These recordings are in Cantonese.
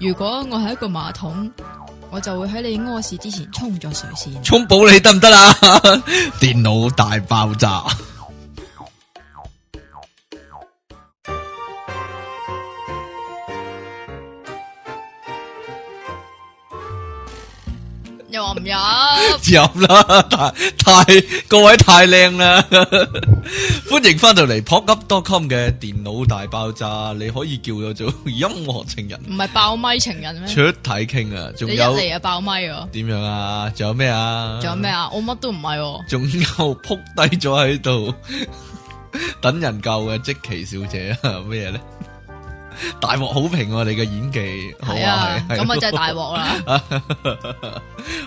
如果我係一個馬桶，我就會喺你屙屎之前沖沖咗水先。沖寶你得唔得啊？ 電腦大爆炸！入啦，太，太各位太靚啦！歡迎翻到嚟 pockup.com 嘅電腦大爆炸，你可以叫我做音樂情人，唔係爆咪情人咩？出體 king 啊，仲有嚟啊爆咪哦？點樣啊？仲有咩啊？仲有咩啊？我乜都唔係、啊，仲有扑低咗喺度等人救嘅積淇小姐啊？咩咧？大鑊好評喎，啊，你嘅演技好啊，咁咪真係大鑊啦！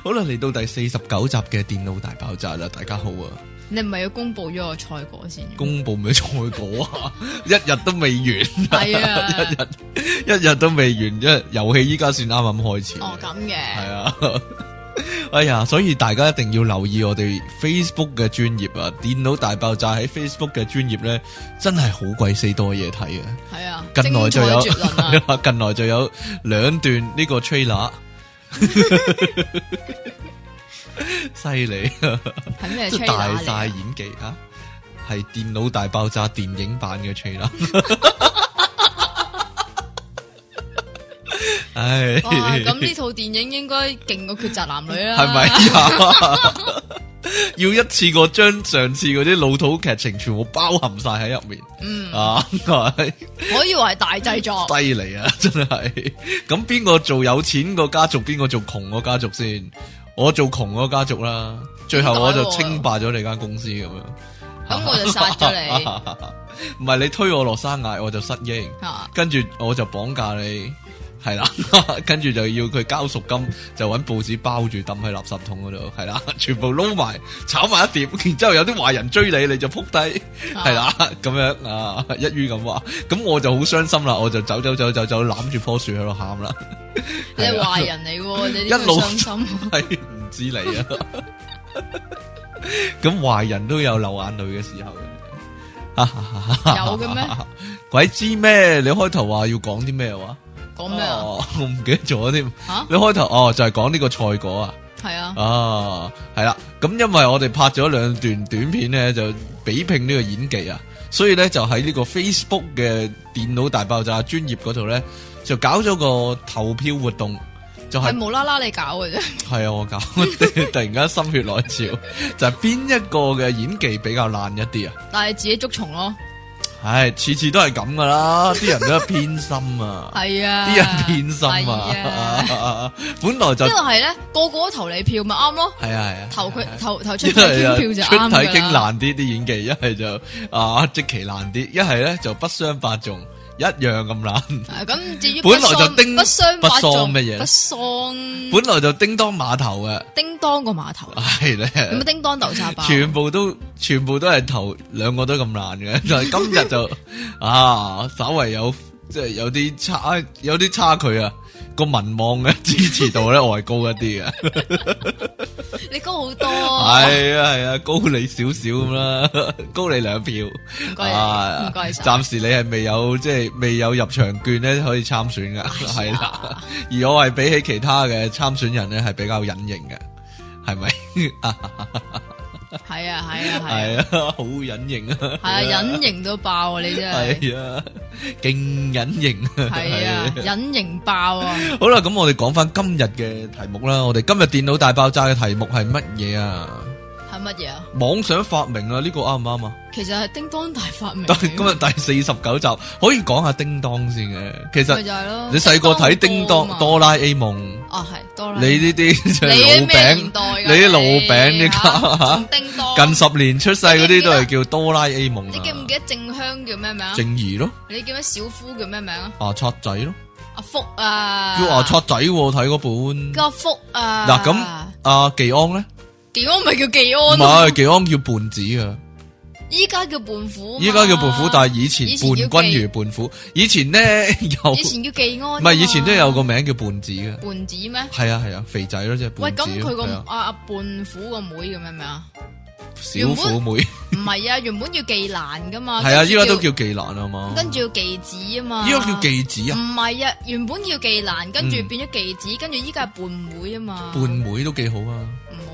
好啦，嚟到第四十九集嘅電腦大爆炸啦，大家好啊！你唔係要公佈咗個賽果先？公佈咩賽果啊？ 一日都未完，係啊，一日一日都未完，因為遊戲依家算啱啱開始。哦，咁嘅係啊。 哎呀，所以大家一定要留意我哋 Facebook 嘅專頁啊！電腦大爆炸喺 Facebook 嘅專頁呢，真係好鬼死多嘢睇嘅。係啊，近來就有，啊、近來就有兩段呢個 trailer，犀利，係咩 trailer 大晒演技啊！係電腦大爆炸電影版嘅 trailer。 唉，哇！咁呢套電影應該勁過《抉擇男女》啦，係咪、啊、 要一次過將上次嗰啲老土劇情全部包含晒喺入面，嗯啊，係。 我以為係大製作，犀利啊！真係。咁邊個做有錢個家族，邊個做窮個家族先？我做窮個家族啦，最後我就稱霸咗你間公司咁這樣。咁 我就殺咗你！唔係 你推我落山崖，我就失憶。跟住 我就綁架你。係啦，跟住 就要佢交贖金，就揾報紙包住抌喺垃圾桶嗰度，係啦，全部撈埋炒埋一碟，然之後有啲壞人追你，你就撲低，係啦，咁、啊、 樣啊，一於咁話，咁我就好傷心啦，我就走走走走走攬住棵樹喺度喊啦，你係壞人嚟，一路傷心，係唔 知你啊，咁 壞人都有流眼淚嘅時候 有嘅咩？ 鬼知咩？你開頭話要講啲咩話？講咩啊？我唔記得咗添。啊、你開頭哦，就係講呢個賽果啊。係啊。啊，係啦、啊。咁因為我哋拍咗兩段短片咧，就比拼呢個演技啊，所以咧就喺呢個 Facebook 嘅電腦大爆炸專業嗰度咧，就搞咗個投票活動，就係、是、無啦啦你搞嘅啫。係啊，我搞。突然間心血來潮， 就係邊一個嘅演技比較爛一啲啊？但係自己捉蟲咯。唉，次、哎、次都係咁噶啦，啲人都係偏心啊！係 啊，啲人偏心啊！ 啊 本來就因為係咧，個個都投你票咪啱咯，係啊係啊，啊投佢他、啊啊、投投出嚟票就啱嘅。出體 king 難啲，啲演技一係就啊積淇難啲，一係咧就不相伯仲。一樣咁難，咁至於本來就叮不雙不雙乜嘢，不雙本來就叮當碼頭嘅，叮當個碼頭係咧，咁啊叮當豆沙包，全部都全部都係頭兩個都咁難嘅，就今日就啊，稍微有。即係有啲差，有啲差距啊！個民望嘅支持度咧，我係高一啲嘅， 你高好多，啊。係 啊係啊，啊，高你少少咁啦，嗯、高你兩票。唔該晒，唔該、啊、暫時你係未有即係、即係、未有入場券咧，可以參選㗎係啦。而我係比起其他嘅參選人咧，係比較隱形嘅，係咪？ 係啊係啊係啊，好隱形啊！係啊，隱、 啊、形到爆啊！你真係係 啊，勁隱形 啊！係 啊，隱形爆啊！ 好啦，咁我哋講翻今日嘅題目啦。我哋今日電腦大爆炸嘅題目係乜嘢啊？乜嘢啊？妄想發明啊？呢個啱唔啱啊？其實係叮當大發明。今日第四十九集可以講下叮當先嘅。其實就係咯。你細個睇叮當哆啦 A 夢。哦，係哆啦。你呢啲就係老餅。你啲老餅，依家近十年出世嗰啲都係叫哆啦 A 夢。你記唔記得靜香叫咩名？靜宜咯。你叫咩？小夫叫咩名？阿卓仔咯。阿福啊。叫阿卓仔睇嗰本。個福啊。嗱，咁阿技安咧？技安唔係叫技安，唔係技安叫胖子啊！依家叫胖虎？依家叫胖虎，但係以前伴君如伴虎。以前咧有以前叫技安，唔係以前都有個名叫胖子嘅胖子咩？係啊係啊，肥仔咯即係。喂，咁佢個阿阿胖虎個妹咁樣咪啊？小虎妹唔係啊，原本叫技蘭噶嘛？係啊，依家都叫技蘭啊嘛？跟住叫技子啊嘛？依家叫技子啊？唔係啊，原本要技蘭，跟住變咗技子，跟住依家胖妹啊嘛？胖妹都幾好啊！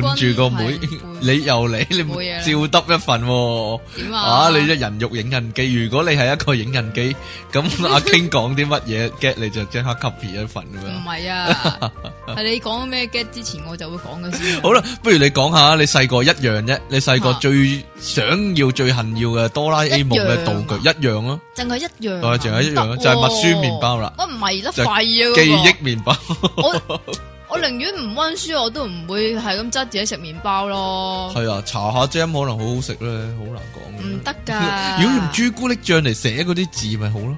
伴住個妹，你又嚟，你照得一份喎。點啊？你一人肉影印機，如果你係一個影印機，咁阿 King 講啲乜嘢 get 你就即刻 copy 一份咁樣。唔係啊，係你講咩 get 之前，我就會講嘅先。好啦，不如你講下你細個一樣啫，你細個最想要、最恨要嘅哆啦 A 夢嘅道具一樣咯。淨係一樣。啊，淨係一樣，就係默書麵包啦。我唔係啦？貴啊！記憶麵包。我寧願唔溫書，我都唔會係咁執自己食麵包咯。係、嗯、啊，查下 Jam 可能好好食咧，好難講。唔得噶， 如果用朱古力醬嚟寫嗰啲字，咪好咯，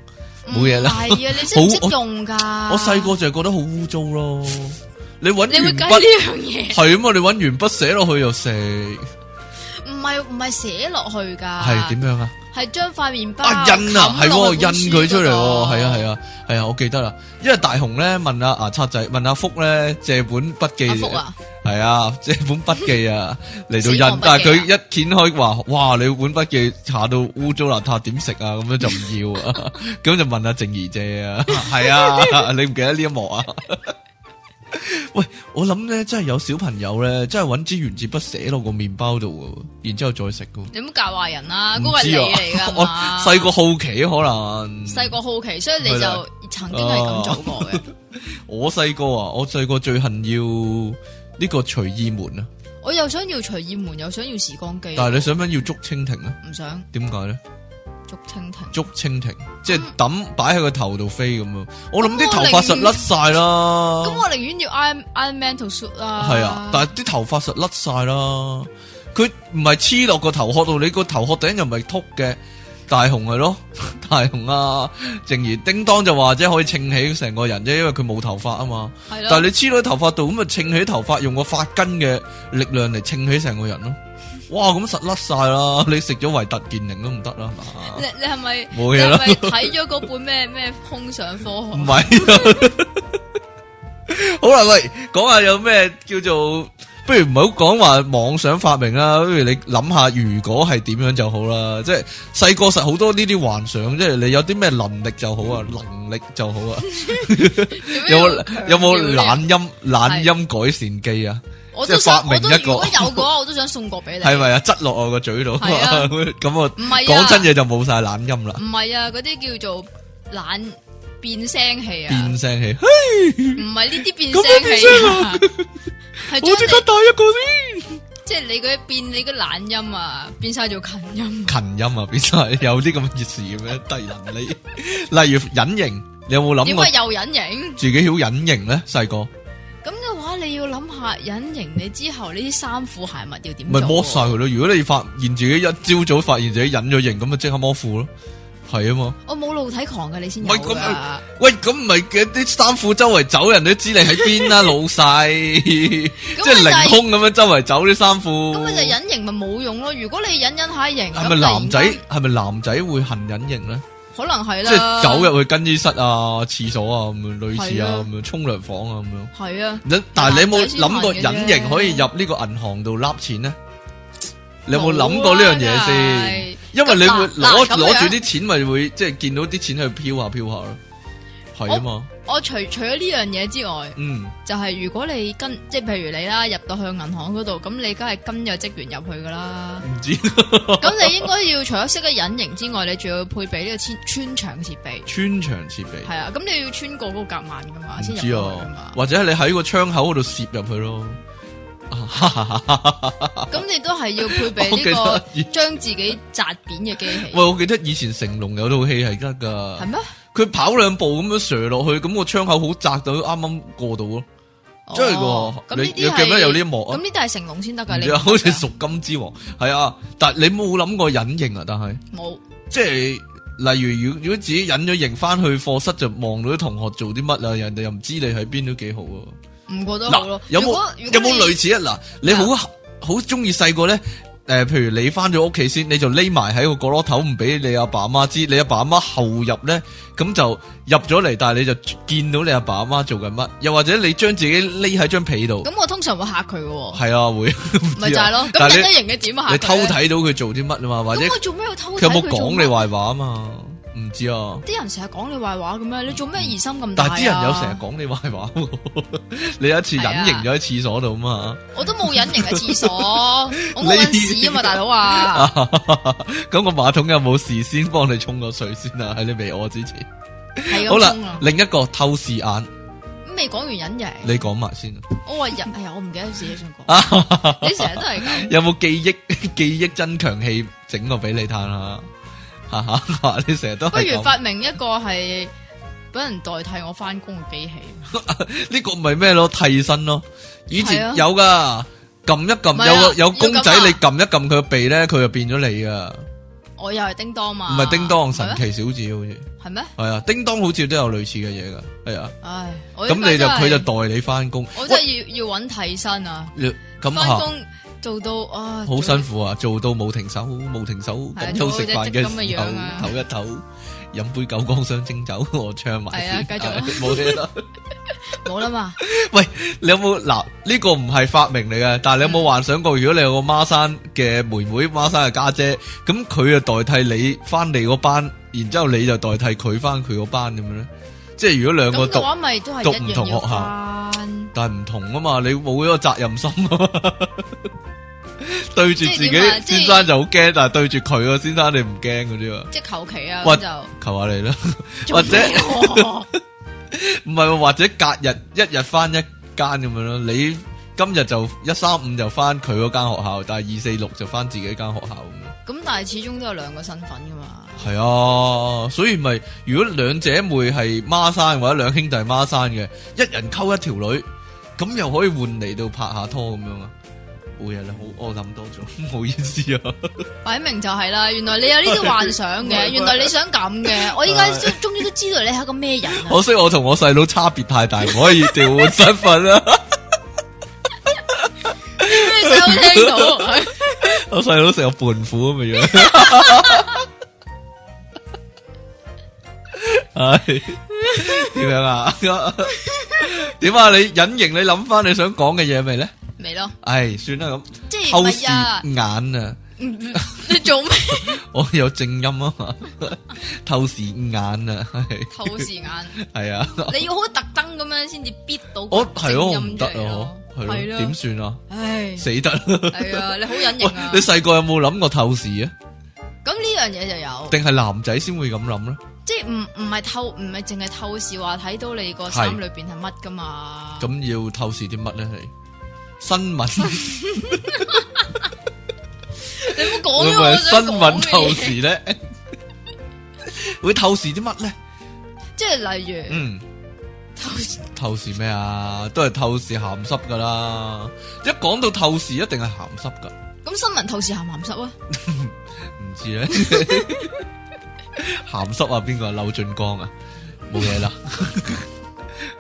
冇嘢啦。係啊，你真係識用噶。我細個就係覺得好污糟咯。 你搵、啊，你會揀呢樣嘢？係啊，嘛，你搵鉛筆寫落去又食。唔係唔係寫落去噶。係點樣啊？係將塊麵包啊印啊，係喎，印佢出嚟、哦，係、哦、啊，係啊，係啊，我記得啦。因為大雄咧問阿阿賊仔，問阿、啊、福咧借本筆記，係啊，啊，啊，借本筆記啊嚟到印， 啊、但係佢一掀開話，哇，你本筆記查到污糟邋遢，點食啊？咁樣就唔要啊，咁 就問阿、啊、靜兒姐啊，係啊，你唔記得呢一幕啊？ 喂，我諗咧，真係有小朋友咧，真係搵支原子筆寫落個麵包度，然之後再食噶。你唔好教壞人啦、啊，嗰個、啊、係你嚟噶嘛？細個 好奇可能，細個好奇，所以你就曾經係咁做過嘅。 我細個啊，我細個最恨要呢個隨意門啊。我又想要隨意門，又想要時光機、啊。但係你想唔想要捉蜻蜓啊？唔想，點解咧？竹蜻蜓，竹蜻蜓，即係抌擺喺個頭度飛咁樣。我諗啲頭髮實甩晒啦。咁我寧願要 Iron Mantle Suit 啦。係啊，但係啲頭髮實甩晒啦。佢唔係黐落個頭殼度，你個頭殼頂又唔係禿嘅。大雄係咯， 大雄啊，靜兒叮當就話啫，即可以撐起成個人啫，因為佢冇頭髮啊嘛。係咯的。但係你黐喺頭髮度，咁咪撐起頭髮，用個髮根嘅力量嚟撐起成個人咯。哇！咁實甩晒啦，你食咗維特健靈都唔得啦，係、啊、嘛？你你係咪？冇嘢啦。睇咗嗰本咩咩空想科學？唔係 啊。 好啦，喂，講下有咩叫做，不如唔好講話妄想發明啦，不如你諗下如果係點樣就好啦。即係細個實好多呢啲幻想，即係你有啲咩能力就好啊， 能力就好啊。 有什麼 有冇懶音懶的音改善機啊？我都想，我都如果有嘅話，我都想送個俾你。係咪啊？執落我個嘴度啊！咁啊，我講真嘢就冇晒懶音啦。唔係啊，嗰啲叫做懶變聲器啊。變聲器，嘿，唔係呢啲變聲器啊。係我依家帶一個咧，即係你啲變你個懶音啊，變晒做勤音。勤音啊，變晒有啲咁嘅意思嘅咩？例如隱形，你有冇諗？點解又隱形？自己曉隱形咧，細個。咁嘅話，你要諗下隱形你之後呢啲衫褲鞋襪要點？唔係摸晒佢咯。如果你發現自己一朝早，早發現自己隱咗形，咁咪即刻摸褲咯，係啊嘛。我冇露體狂噶，你先有啊。喂，咁唔係嘅啲衫褲周圍走人都知你喺邊啦，老細。咁即係凌空咁樣周圍走啲衫褲。咁咪就隱形咪冇用咯。如果你隱隱下形，係咪男仔？係咪男仔會痕隱形咧？可能係啦，即係走入去更衣室啊、廁所啊咁樣類似啊，咁樣沖涼房啊咁樣。係啊，但係你有冇諗過隱形可以入個銀呢個銀行度攬錢咧？嘖你有冇諗過呢樣嘢先？是因為你會攞攞住啲錢，咪會即係見到啲錢去飄下飄下。係啊嘛！我除除咗呢樣嘢之外，嗯，就係如果你跟即係譬如你啦，入到去銀行嗰度，咁你梗係跟個職員入去噶啦。唔知咁 你應該要除咗識得隱形之外，你仲要配備呢個穿穿牆設備。穿牆設備。係啊，咁你要穿過嗰個夾萬噶嘛，先入啊，或者你喺個窗口嗰度攝入去咯。咁 你都係要配備呢個將自己扎扁嘅機器 。喂，我記得以前成龍有套戲係得噶。係咩？佢跑兩步咁樣射落去，咁個窗口好窄，就啱啱過到咯，真係噶！你記得有呢一幕，咁呢度係成龍先得噶，你好似《贖金之王》係啊，但你冇諗過隱形啊？但係冇，即係例如，如果自己隱咗形翻去課室，就望到啲同學做啲乜啊？人哋又唔知你喺邊都幾好啊！唔覺得有冇有冇類似啊？嗱，你好好中意細個咧？的誒，譬如，你翻咗屋企先，你就匿埋喺個角落頭，唔俾你阿爸阿媽知。你阿爸阿媽後入咧，咁就入咗嚟，但係你就見到你阿爸阿媽做緊乜。又或者你將自己匿喺張被度。咁我通常會嚇佢嘅。係啊，會。咪就係咯。咁忍得型嘅點吓？嗯嗯、你偷睇到佢做啲乜啊嘛？嗯、或者做咩要偷睇佢？佢有冇講你壞話啊嘛？唔知啊！啲人成日講你壞話嘅咩？你做咩疑心咁大？但啲人有成日講你壞話，你有一次隱形咗喺廁所度啊嘛！我都冇隱形喺廁所，我屙屎啊嘛！大佬啊，咁個馬桶有冇事先幫你沖個水先啊？喺你未屙之前，好啦，另一個透視眼，未講完隱形，你講埋先。我話，哎呀，我唔記得自己想講，你成日都係咁。有冇記憶記憶增強器？整個俾你嘆下。你成日都不如發明一個係俾人代替我翻工嘅機器。呢個唔係咩咯替身咯？以前有噶，撳一撳有有公仔，你撳一撳佢個鼻咧，佢就變咗你噶。我又係叮噹嘛。唔係叮噹，神奇小子好似係咩？係啊，叮噹好似都有類似嘅嘢噶。係啊。唉，咁你就佢就代你翻工。我真係要要揾替身啊！翻工。做到啊！好辛苦啊！做到冇停手，冇停手。咁粗食飯嘅時候唞一唞，啊，飲杯九江雙蒸酒，我唱埋先。係啊，繼續。冇啦，冇啦嘛。 喂，你有冇嗱？呢、這個唔係發明嚟嘅，但係你有冇幻想過？如果你有個孖生嘅妹妹，孖生嘅家姐，咁佢就代替你翻嚟嗰班，然之後你就代替佢翻佢嗰班咁樣咧？即係如果兩個讀，讀唔同學校，但係唔同啊嘛，你冇一個責任心，對住自己先生就好驚，但係對住佢，先生你唔驚嗰啲啊？即係求其啊，或者求下你啦，或者唔係，或者隔日一日翻一間咁樣咯。你今日就一三五就翻佢嗰間學校，但係二四六就翻自己間學校咁。咁但係始終都有兩個身份噶嘛。係啊，所以咪如果兩姐妹係孖生或者兩兄弟孖生嘅，一人溝一條女，咁又可以換嚟到拍下拖咁樣啊？冇啊，你好我諗多咗，唔好意思啊。擺明就係啦，原來你有呢啲幻想嘅，原來你想咁嘅，我依家終於都知道你係一個咩人。可惜我同我細佬差別太大，唔可以調換身份啦。咩聲音聽到？ 我細佬成日伴苦咁樣。 係點樣啊？點啊？你隱形？你諗翻你想講嘅嘢未咧？未咯。唉，算啦咁。即係透視眼啊！你做咩？我有靜音啊嘛。透視眼啊，係。透視眼。係啊。你要好特登咁樣先至逼到我係咯，唔得咯，係咯，點算啊？唉，死得啦。係啊，你好隱形啊！你細個有冇諗過透視啊？咁呢樣嘢就有。定係男仔先會咁諗啦。即係唔唔係透唔係淨係透視話睇到你個心裏邊係乜噶嘛？咁要透視啲乜咧？係新聞，你唔講咩？新聞透視咧， 會透視啲乜咧？即係例如，嗯，透透視咩啊？都係透視鹹濕噶啦！一講到透視，一定係鹹濕噶。咁新聞透視鹹唔鹹濕啊？唔 知咧道。 鹹濕啊，邊個啊？柳俊江啊，冇嘢啦，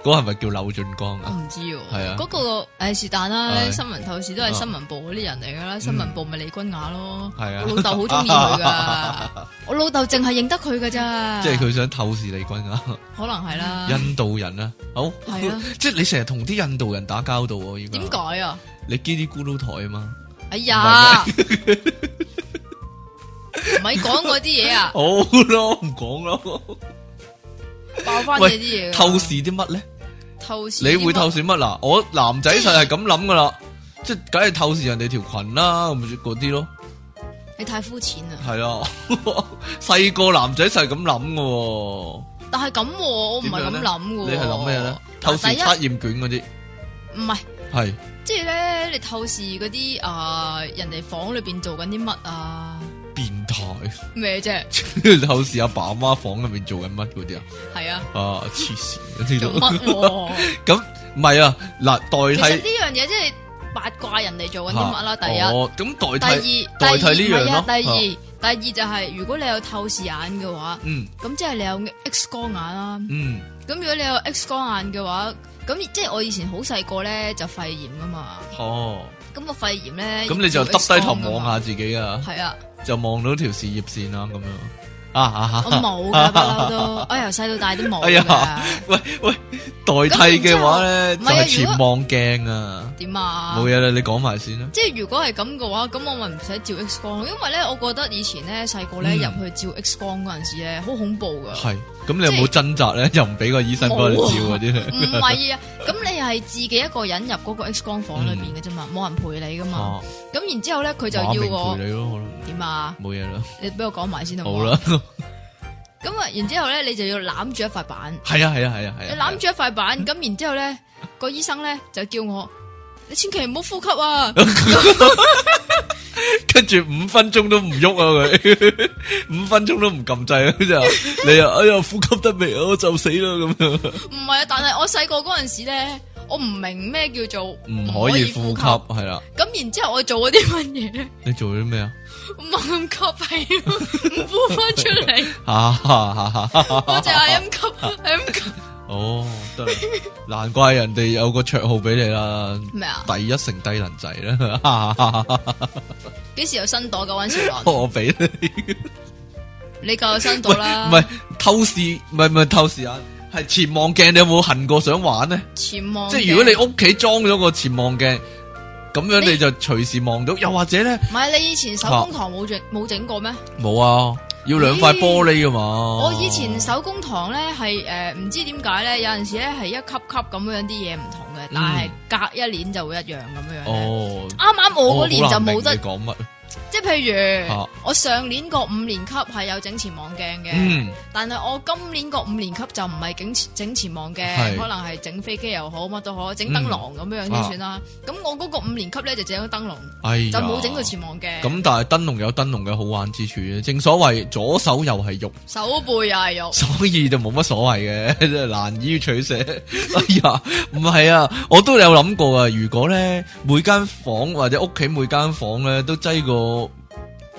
嗰係咪叫柳俊江啊？我唔知喎。係啊，嗰個誒是但啦，新聞透視都係新聞部嗰啲人嚟噶啦，新聞部咪李君雅咯。係啊，我老豆好中意佢噶，我老豆淨係認得佢噶咋。即係佢想透視李君雅，可能係啦。印度人呀，好係啊，即係你成日同啲印度人打交道啊，依家點解啊？你嘰哩咕嚕台嘛。哎呀！唔係講嗰啲嘢啊！好咯、 oh, no，唔講咯。爆翻你啲嘢，透視啲乜咧？透視你會透視乜嗱？我男仔就係咁諗噶啦，即係梗係透視人哋條裙啦，咁嗰啲咯。你太膚淺啦！係啊，細個男仔就係咁諗噶。但係咁，我唔係咁諗噶。你係諗咩咧？透視測驗卷嗰啲？唔係，係。即係咧，你透視嗰啲、呃、啊，人哋房裏邊做緊啲乜啊？咩啫？透視阿爸阿媽房入面做緊乜嗰啲啊？係啊，啊黐線，知道咁唔係啊，嗱，代替呢樣嘢即係八卦人哋做緊啲乜啦。第一，咁代替第二代替呢樣嘢！第二第二就係如果你有透視眼嘅話，嗯，咁即係你有 X 光眼啦，嗯，咁如果你有 X 光眼嘅話，咁即係我以前好細個咧就肺炎噶嘛，哦，咁個肺炎咧，咁你就耷低頭望下自己啊，係啊。就望到條事業線啦，咁樣啊啊啊！我冇噶，都啊、我都哎由細到大都冇啊、哎。喂喂，代替嘅話咧就潛望鏡啊？點啊？冇嘢啦，你講埋先啦。即係如果係咁嘅話，咁我咪唔使照 X 光，因為咧，我覺得以前咧細個咧入去照 X 光嗰陣時咧，好恐怖噶。係。咁你有冇掙扎咧？又唔俾個醫生幫你照嗰啲？唔係啊，咁你係自己一個人入嗰個 X 光房裏邊嘅啫嘛，冇人陪你噶嘛。咁然之後咧，佢就要我點啊？冇嘢啦。你俾我講埋先好唔好？好啦。咁啊，然之後咧，你就要攬住一塊板。係啊係啊係啊係啊！你攬住一塊板，咁然之後咧，個醫生咧就叫我，你千祈唔好呼吸啊。跟住五分鐘都唔喐啊佢，五分鐘都唔撳掣，佢 就你又哎呀呼吸得未？我就死咯咁樣。唔係啊，但係我細個嗰陣時咧，我唔明咩叫做唔可以呼吸係啦。咁然之後我做咗啲乜嘢？你做咗啲咩啊？冇咁吸氣，唔呼翻出嚟。啊啊啊啊！我只阿 M 吸 M 吸。哦，得 難怪人哋有個綽號俾你啦，咩啊？第一城低能仔啦，幾 時有新袋㗎溫小蘭？ 我俾給你 ，你夠有新袋啦。唔係透視，唔係唔係透視眼，係潛望鏡。你有冇痕過想玩呢？潛望鏡，即係如果你屋企裝咗個潛望鏡，咁樣你就隨時望到。你又或者咧，唔係你以前手工堂冇整冇整過咩？冇啊。要兩塊玻璃噶嘛、欸？我以前手工堂咧係誒，呃、唔知點解咧，有陣時咧係一級級咁樣啲嘢，唔同嘅，嗯、但係隔一年就會一樣咁樣咧。啱啱、哦、我嗰年就冇得。哦即係譬如、啊、我上年個五年級係有整潛望鏡嘅，嗯、但係我今年個五年級就唔係整整潛望鏡，是可能係整飛機又好，乜都好，整燈籠咁樣先算啦。咁、啊、我嗰個五年級咧就整咗燈籠，哎、呀就冇整到潛望鏡。咁、嗯、但係燈籠有燈籠嘅好玩之處，正所謂左手又係肉，手背又係肉，所以就冇乜所謂嘅，真 係難以取捨。 哎呀，唔係啊，我都有諗過啊，如果咧每間房間，或者屋企每間房咧都擠過。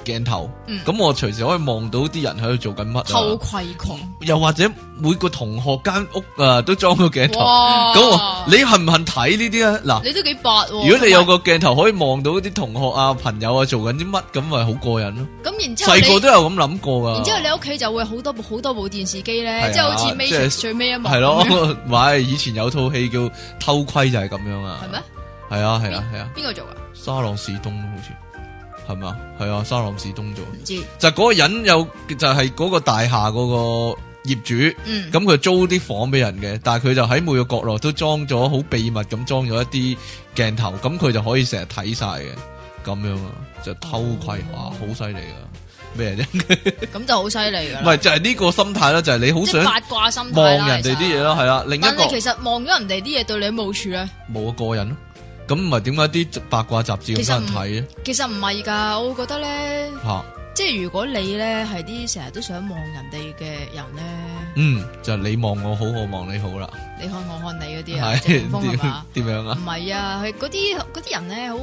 鏡頭，咁、嗯、我隨時可以望到啲人喺度做緊乜？偷窺狂，又或者每個同學間屋啊、呃、都裝個鏡頭，咁哇你恨唔恨睇呢啲啊？嗱，你都幾白、啊，如果你有個鏡頭可以望到啲同學啊、朋友做啊做緊啲乜，咁咪好過癮咯。咁然之後細個都有咁諗過噶。然之後你屋企就會好多部好多部電視機咧，啊、即係好似最尾一幕係咯，啊就是啊、 以前有套戲叫偷窺就係、是、咁樣嗎啊，係咩？係啊係啊係啊，邊個做啊？啊做沙朗史東好似。係咪啊？係啊，三朗士東座，就嗰個人有就係、是、嗰個大廈嗰個業主，咁佢、嗯、租啲房俾人嘅，但係佢就喺每個角落都裝咗好秘密咁裝咗一啲鏡頭，咁佢就可以成日睇晒嘅，咁樣啊，就偷窺啊，好犀利啊！咩啫？咁 就好犀利啊！唔係就係、是、呢個心態啦，就係、是、你好想八卦心望人哋啲嘢咯，係啦，啦。另一個你其實望咗人哋啲嘢對你冇處咧，冇個，個癮咯。咁唔係點解啲八卦雜誌咁多人睇咧？其實唔係噶，我會覺得咧，啊、即係如果你咧係啲成日都想望人哋嘅人咧，嗯，就你望我好，我望你好啦，你看我看你嗰啲啊，即係點講啊？點、 嗯、樣啊？唔係啊，係嗰啲啲人咧，好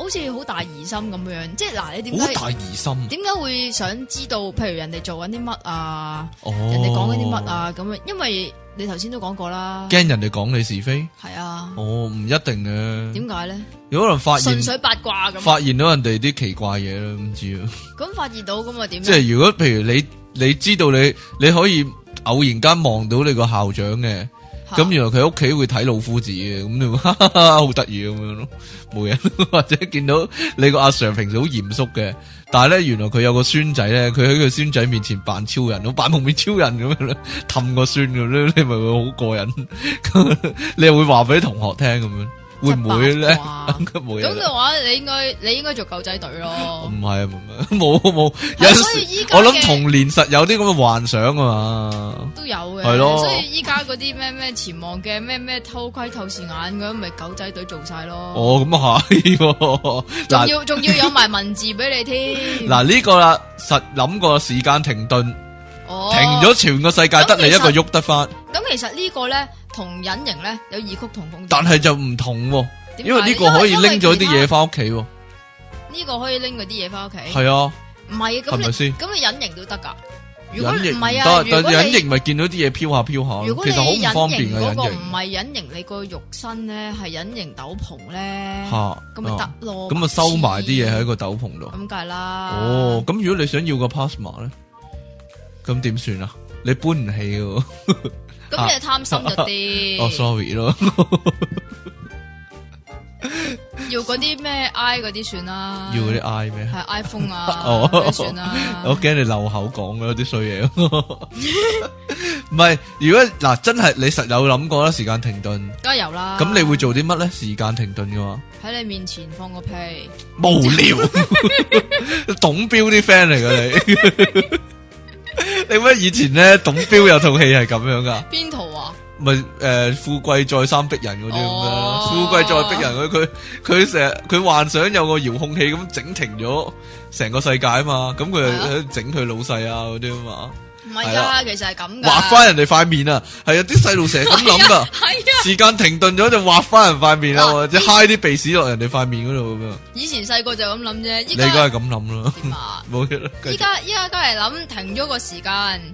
好似好大疑心咁樣，即係嗱，你點解好大疑心？點解會想知道譬如人哋做緊啲乜啊？哦、人哋講緊啲乜啊？咁啊？因為。你頭先都講過啦，驚人哋講你是非，係啊，哦，唔一定嘅，點解咧？有可能發現純粹八卦咁，發現到人哋啲奇怪嘢咯，唔知啊。咁發現到咁啊點？即係如果譬如你，你知道你，你可以偶然間望到你個校長嘅。咁原來佢屋企會睇《老夫子》嘅，哈哈，咁好得意咁樣咯，冇人。或者見到你個阿 sir 平時好嚴肅嘅，但係咧原來佢有個孫仔咧，佢喺佢孫仔面前扮超人，我扮幪面超人咁樣氹個孫咁樣，你咪會好過癮， 你又會話俾同學聽咁樣。會唔會咧？咁嘅話， 呢話，你應該你應該做狗仔隊咯。唔係啊，冇冇。係 所以依家我諗童年實有啲咁嘅幻想啊嘛。都有嘅。係咯了。所以依家嗰啲咩咩潛望鏡咩咩偷窺透視眼嗰咪狗仔隊做晒咯。哦，咁啊係。仲要仲要有埋文字俾你添。嗱呢、 這個啦，實諗過時間停頓，停咗全個世界，得你一個喐得翻。咁、哦、其實，其實個呢個咧？同隱形咧有異曲同工，但係就唔同，因為呢個可以拎咗啲嘢翻屋企。呢個可以拎嗰啲嘢翻屋企，係啊，唔係咁先？咁你隱形都得噶，隱形唔係啊，如果隱形咪見到啲嘢飄下飄下，其實好唔方便。如果唔係隱形，你個肉身咧係隱形斗篷咧，咁咪得咯。咁咪收埋啲嘢喺個斗篷度，咁計啦。哦，咁如果你想要個 passma 咧，咁點算啊？你搬唔起。咁你貪心啲，哦 sorry 咯，要嗰啲咩 i 嗰啲算啦，要嗰啲 i 咩，係 iPhone 啊，哦，算啦。我驚你漏口講嗰啲衰嘢，唔係，如果嗱真係你實有諗過啦，時間停頓，梗係有啦。咁你會做啲乜咧？時間停頓嘅話，喺你面前放個屁，無聊，同標啲 friend 嚟噶你。你乜以前咧，董彪有套戲係咁樣噶？邊套啊？咪誒、呃，富貴再三逼人嗰啲咁啦，哦、富貴再逼人，佢佢佢成日，佢幻想有個遙控器咁整停咗成個世界啊嘛，咁佢誒整佢老細啊嗰啲啊嘛。唔係啊，其實係咁嘅。畫翻人哋塊面啊，係啊，啲細路成日咁諗噶。時間停頓咗就畫翻人塊面啊，或者揩啲鼻屎落人哋塊面嗰度。以前細個就咁諗啫，依家係咁諗啦。點啊？冇嘢啦。依家依家都係諗停咗個時間，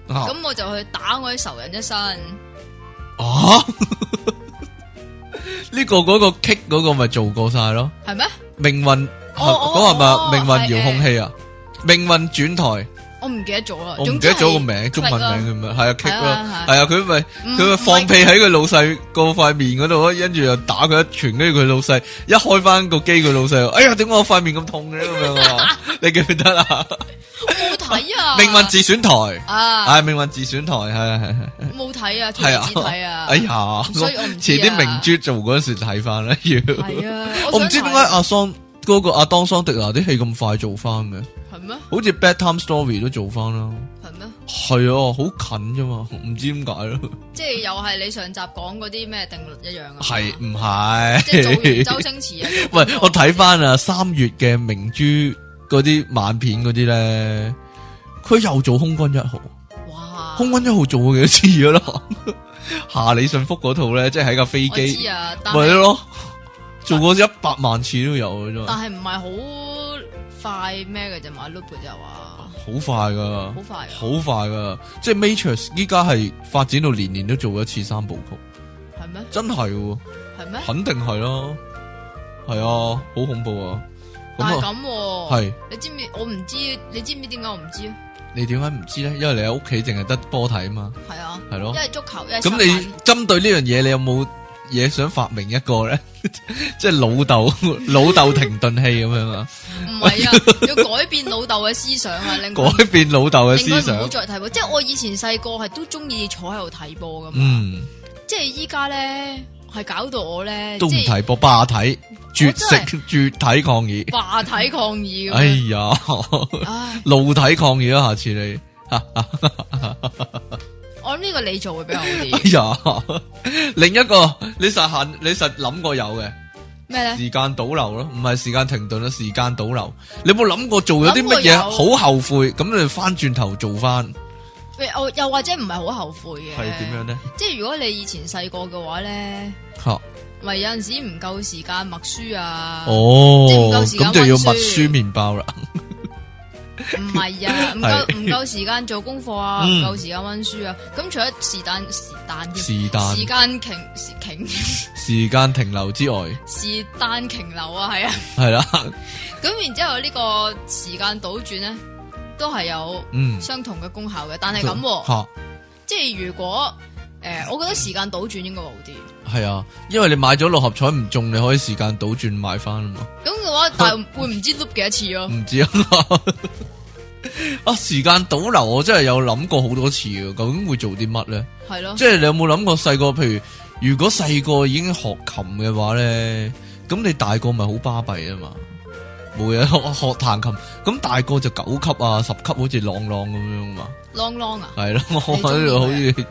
咁我就去打我啲仇人一身。啊？呢個嗰個 kick 嗰個咪做過晒咯？係咩？命運？嗰係咪命運遙控器啊？命運轉台？我唔記得咗啦，我唔記得咗個名，中文名係咪？係啊，係啊，係啊，佢咪佢咪放屁喺佢老細個塊面嗰度，跟住又打佢一拳，跟住佢老細一開翻個機，佢老細，哎呀，點解我塊面咁痛嘅，咁樣啊？你記唔記得啊？我冇睇啊！命運自選台啊，係命運自選台，係係係冇睇啊，係啊，啊，哎呀，所以我唔遲啲明珠做嗰陣時睇翻啦，要，我唔知點解阿 Son。嗰個阿當桑迪娜啲戲咁快做翻嘅，係咩嗎？好似《Bedtime Story》都做翻啦，係嗎啊，好近啫嘛，唔知點解咯。即係又係你上集講嗰啲咩定律一樣啊？係唔係？吧即係周星馳啊？喂， 我睇翻啊， 三月嘅明珠嗰啲晚片嗰啲咧，佢又做空軍一號，哇！空軍一號做過幾多次咯？夏里遜福嗰套咧，即係喺架飛機，咪咯。 做過一百萬次都有，但係唔係好快咩嘅啫，買 look 就話，好快噶，好快，好快噶，即係 Matrix 依家係發展到年年都做一次三部曲，係咩？真係嘅，係咩？肯定係咯，係啊，好恐怖啊！但係咁係，你知唔知？我唔知，你知唔知點解我唔知？你點解唔知咧？因為你喺屋企淨係得波睇啊嘛，係啊，係咯，因係足球，一咁你針對呢樣嘢，你有冇？嘢想發明一個咧， 即係老豆老豆停頓器咁樣 啊？唔係啊，要改變老豆嘅思想啊，令 改變老豆嘅思想。唔好再睇波，即係我以前細個係都中意坐喺度睇波噶嘛。嗯，即係依家咧係搞到我咧，都唔睇波霸體絕食絕體抗議，霸體抗議。抗議哎呀， 露體抗議啊，下次你。 我諗呢個你做會比較好啲。哎、呀呵呵，另一個你實行，你實諗過有嘅咩咧？時間倒流咯，唔係時間停頓咯，時間倒流。你冇諗過做咗啲乜嘢好後悔，咁你翻轉頭做翻？我又或者唔係好後悔嘅。係點樣咧？即係如果你以前細個嘅話咧，吓、啊，咪有陣時唔夠時間默書啊，哦，即係唔夠時間溫書，就要默書麵包啦。唔係啊，唔夠唔夠時間做功課啊，唔夠、嗯、時間溫書啊。咁除咗時彈時彈，時間停停，時間停留之外，時彈停留啊，係啊，係啦。咁然之後呢個時間倒轉咧，都係有相同嘅功效嘅。但係咁、啊，嗯、即係如果誒、呃，我覺得時間倒轉應該好啲。係啊，因為你買咗六合彩唔中，你可以時間倒轉買翻啊嘛。咁嘅話，但係會唔知碌幾多次啊，唔 不知啊道笑。啊！時間倒流，我真係有諗過好多次究竟會做啲乜咧？係咯，即係你有冇諗過細個？譬如如果細個已經學琴嘅話咧，咁你大個咪好巴閉啊嘛？冇嘢，學學彈琴，咁大個就九級啊，十級好似朗朗咁樣嘛。long long 啊，係咯，我喺度好似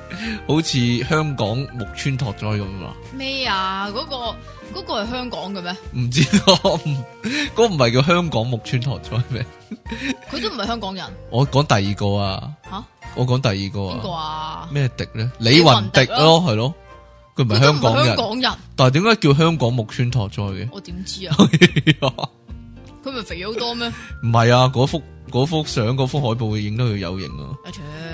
好似香港木村拓哉咁啊！咩啊？嗰個嗰個係香港嘅咩？唔知咯，嗰個唔係叫香港木村拓哉咩？佢都唔係香港人。我講第二個啊！吓，我講第二個啊！邊個啊？咩迪咧？李雲迪咯，係咯，佢唔係香港人。但係點解叫香港木村拓哉嘅？我點知啊？佢咪肥咗好多咩？唔係啊，嗰幅。嗰幅相、嗰幅海報嘅影都要有型咯。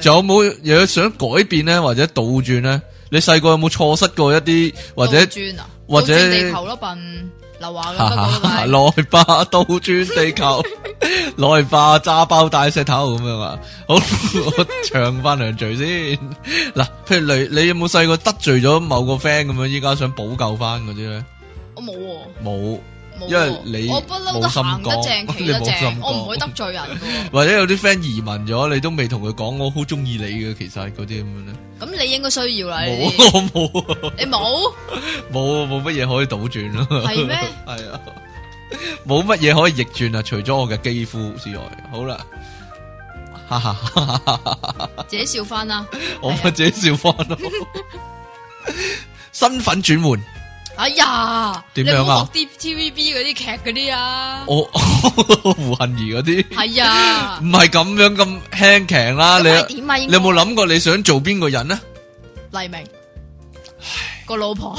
仲、啊、有冇嘢想改變咧，或者倒轉咧？你細個有冇錯失過一啲，或者倒轉啊？或者倒轉地球咯，笨劉華咁講嘅。來吧，倒轉地球， 來吧，揸包，帶石頭咁樣啊！ 好，我唱翻兩句先。嗱、 啊，譬如你，你有冇細個得罪咗某個 friend 咁樣，依家想補救翻嗰啲咧？我冇。冇。因為你我不嬲都行得正，企得正，我唔會得罪人。或者有啲 friend 移民咗，你都未同佢講，我好中意你嘅。其實嗰啲咁樣咧，咁你應該需要啦。我冇，你冇，冇冇乜嘢可以倒轉咯。係咩？係啊，冇乜嘢可以逆轉啊！除咗我嘅肌膚之外，好啦，哈哈哈哈哈，自己笑翻啦！我自己笑翻咯，身份轉換。哎呀，點樣啊？啲 TVB 嗰啲劇嗰啲啊，我胡杏兒嗰啲，係啊，唔係咁樣咁輕鬆啦。你點啊？你有冇諗過你想做邊個人呢？黎明個老婆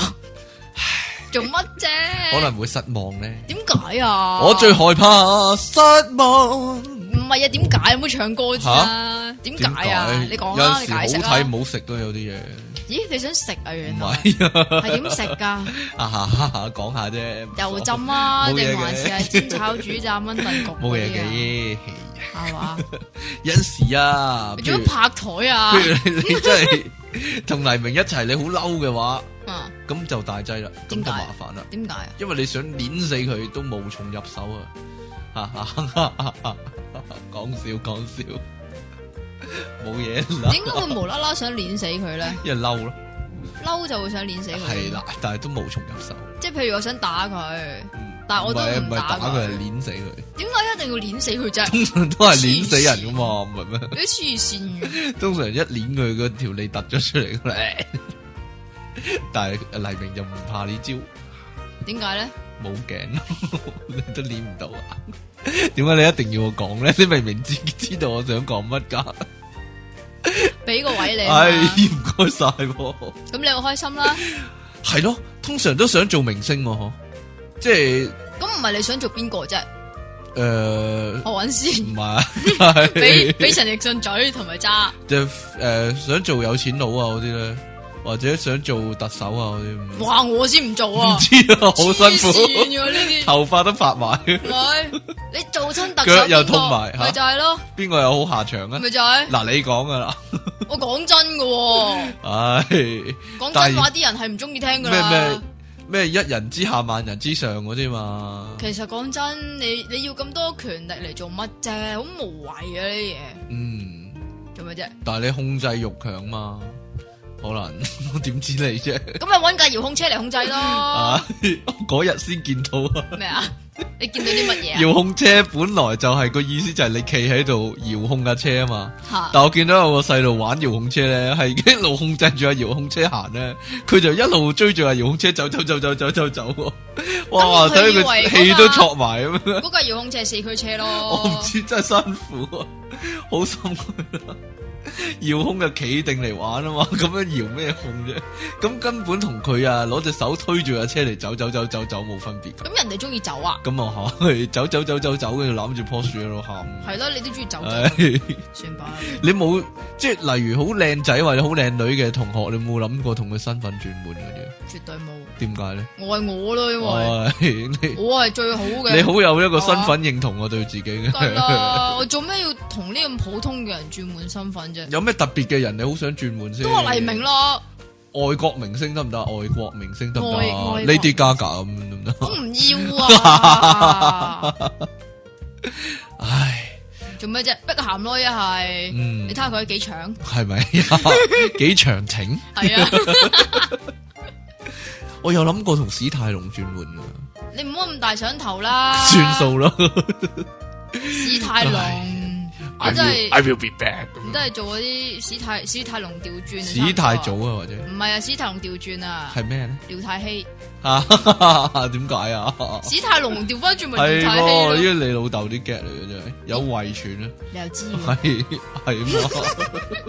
做乜啫？可能會失望咧。點解啊？我最害怕失望。唔係啊？點解有冇唱歌啊？點解啊？你講啦，解釋啦。有時好睇，唔好食都有啲嘢。咦，你想食啊？原來係，係點食噶？講下啫，油浸啊，定還是係煎炒煮炸炆燉焗？冇嘢嘅，係嘛？有時啊？想拍台啊？你真係同黎明一齊，你好嬲嘅話，咁就大劑啦，咁就麻煩啦。點解？因為你想碾死佢都無從入手啊！講笑，講笑。冇嘢，點解會無啦啦想捻死佢咧？因為嬲咯，嬲就會想捻死佢。係啦，但係都無從入手。即係譬如我想打佢，嗯、但係我都唔是打佢，係捻死佢。點解一定要捻死佢啫？通常都係捻死人噶嘛，唔係咩？你黐線嘅， 通常一捻佢個條脷突咗出嚟噶啦， 但係黎明就唔怕呢招。點解咧？冇頸沒頸， 你都捻唔到啊！點 解你一定要我講咧？你明明自己知道我想講乜噶？ 俾 個位唉謝謝 你，唔該晒。咁你有開心啦？係咯， 通常都想做明星，即係。咁唔係你想做邊個啫？誒、呃，何韻詩唔係，俾俾陳奕迅嘴同埋渣。即係誒，想做有錢佬啊嗰啲咧。或者想做特首啊嗰啲，哇！我先唔做啊，唔知啊，好辛苦，頭髮都發埋，你做親特首，腳又痛埋，咪就係咯，邊個有好下場啊？咪就係，嗱你講噶啦，我講真噶，唉，講真話啲人係唔中意聽噶啦，咩咩咩，一人之下萬人之上嗰啲嘛。其實講真，你你要咁多權力嚟做乜啫？好無謂啊呢啲嘢，嗯，做乜啫？但係你控制欲強嘛。可能 我點知你啫？咁咪揾架遙控車嚟控制咯。啊，嗰日先見到啊。咩 啊？你見到啲乜嘢啊？遙控車本來就係、是、個意思就係你企喺度遙控架車啊嘛。啊但我見到有個細路玩遙控車咧，係一路控制住架遙控車行咧，佢就一路追住架遙控車走走走走走走走，走。哇，哇！睇佢氣都挫埋咁。嗰架遙控車係四驅車咯。我唔知，真係辛苦啊，好辛苦。 遙控嘅企定嚟玩啊嘛，咁樣搖咩控啫？咁根本同佢啊，攞隻手推住架車嚟走走走走走冇分別。咁人哋中意走啊？咁啊，係走走走走走，跟住攬住棵樹喺度喊。係咯，你都中意走，哎、算吧。你冇，即係例如好靚仔或者好靚女嘅同學，你冇諗過同佢身份轉換嘅啫？絕對冇。點解咧？我係我咯，因為、哎、我係最好嘅。你好有一個身份認同我、啊、吧對自己嘅。梗啦， 我做咩要同呢咁普通嘅人轉換身份啫？有咩特別嘅人你好想轉換先？都係黎明咯。外國明星得唔得？外國明星得唔得？呢啲價格咁得唔得？我唔要啊！唉，做咩啫？逼咸咯一係，你睇下佢幾長，係咪？幾長情？係啊。我有諗過同史泰龍轉換啊。你唔好咁大想頭啦。算數咯，史泰龍。都係，都係做嗰啲史泰史泰龍調轉，史太祖啊，或者唔係啊，史泰龍調轉啊，係咩咧？廖太熙啊，點解啊？史泰龍調翻轉咪廖太熙咯，因為你老豆啲 get 嚟嘅，真有遺傳啊，你又知係係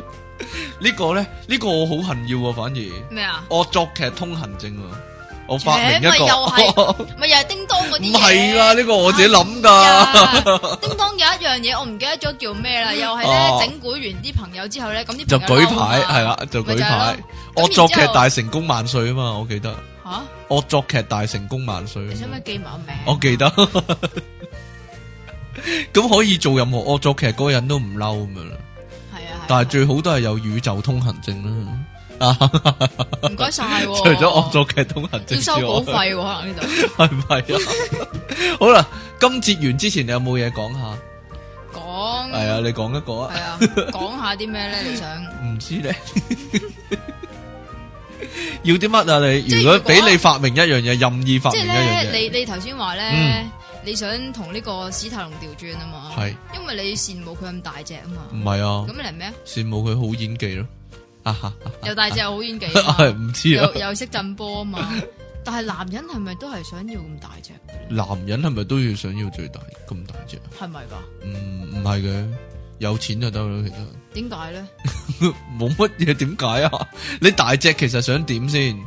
呢個咧，呢個我好恨要啊，反而咩啊？惡作劇通行證啊！我發明一個，咪又係叮當嗰啲。唔係啊，呢個我自己諗㗎。叮當有一樣嘢，我唔記得咗叫咩啦，又係咧整蠱完啲朋友之後咧，咁啲就舉牌，係啦，就舉牌。惡作劇大成功萬歲啊嘛，我記得。吓，惡作劇大成功萬歲。你想唔想記埋個名？我記得。咁可以做任何惡作劇，嗰個人都唔嬲咁樣。係啊。但係最好都係有宇宙通行證啦。唔該晒，除咗惡作劇通行要收稿費，可能呢度係唔係啊？好啦，今節完之前你有冇嘢講下？講係啊，你講一個啊，講下啲咩咧？你想唔知咧？要啲乜啊？你如果俾你發明一樣嘢，任意發明一樣嘢，即係你你頭先話咧，你想同呢個史泰龍調轉啊嘛？係，因為你羨慕佢咁大隻啊嘛？唔係啊？咁嚟咩啊？羨慕佢好演技咯。啊又大隻又好演技，唔知啊？又又識震波啊嘛！但係男人係咪都係想要咁大隻？男人係咪都要想要最大咁大隻？係咪㗎？唔唔係嘅，有錢就得咯，其實。點解咧？冇乜嘢點解啊？你大隻其實想點先？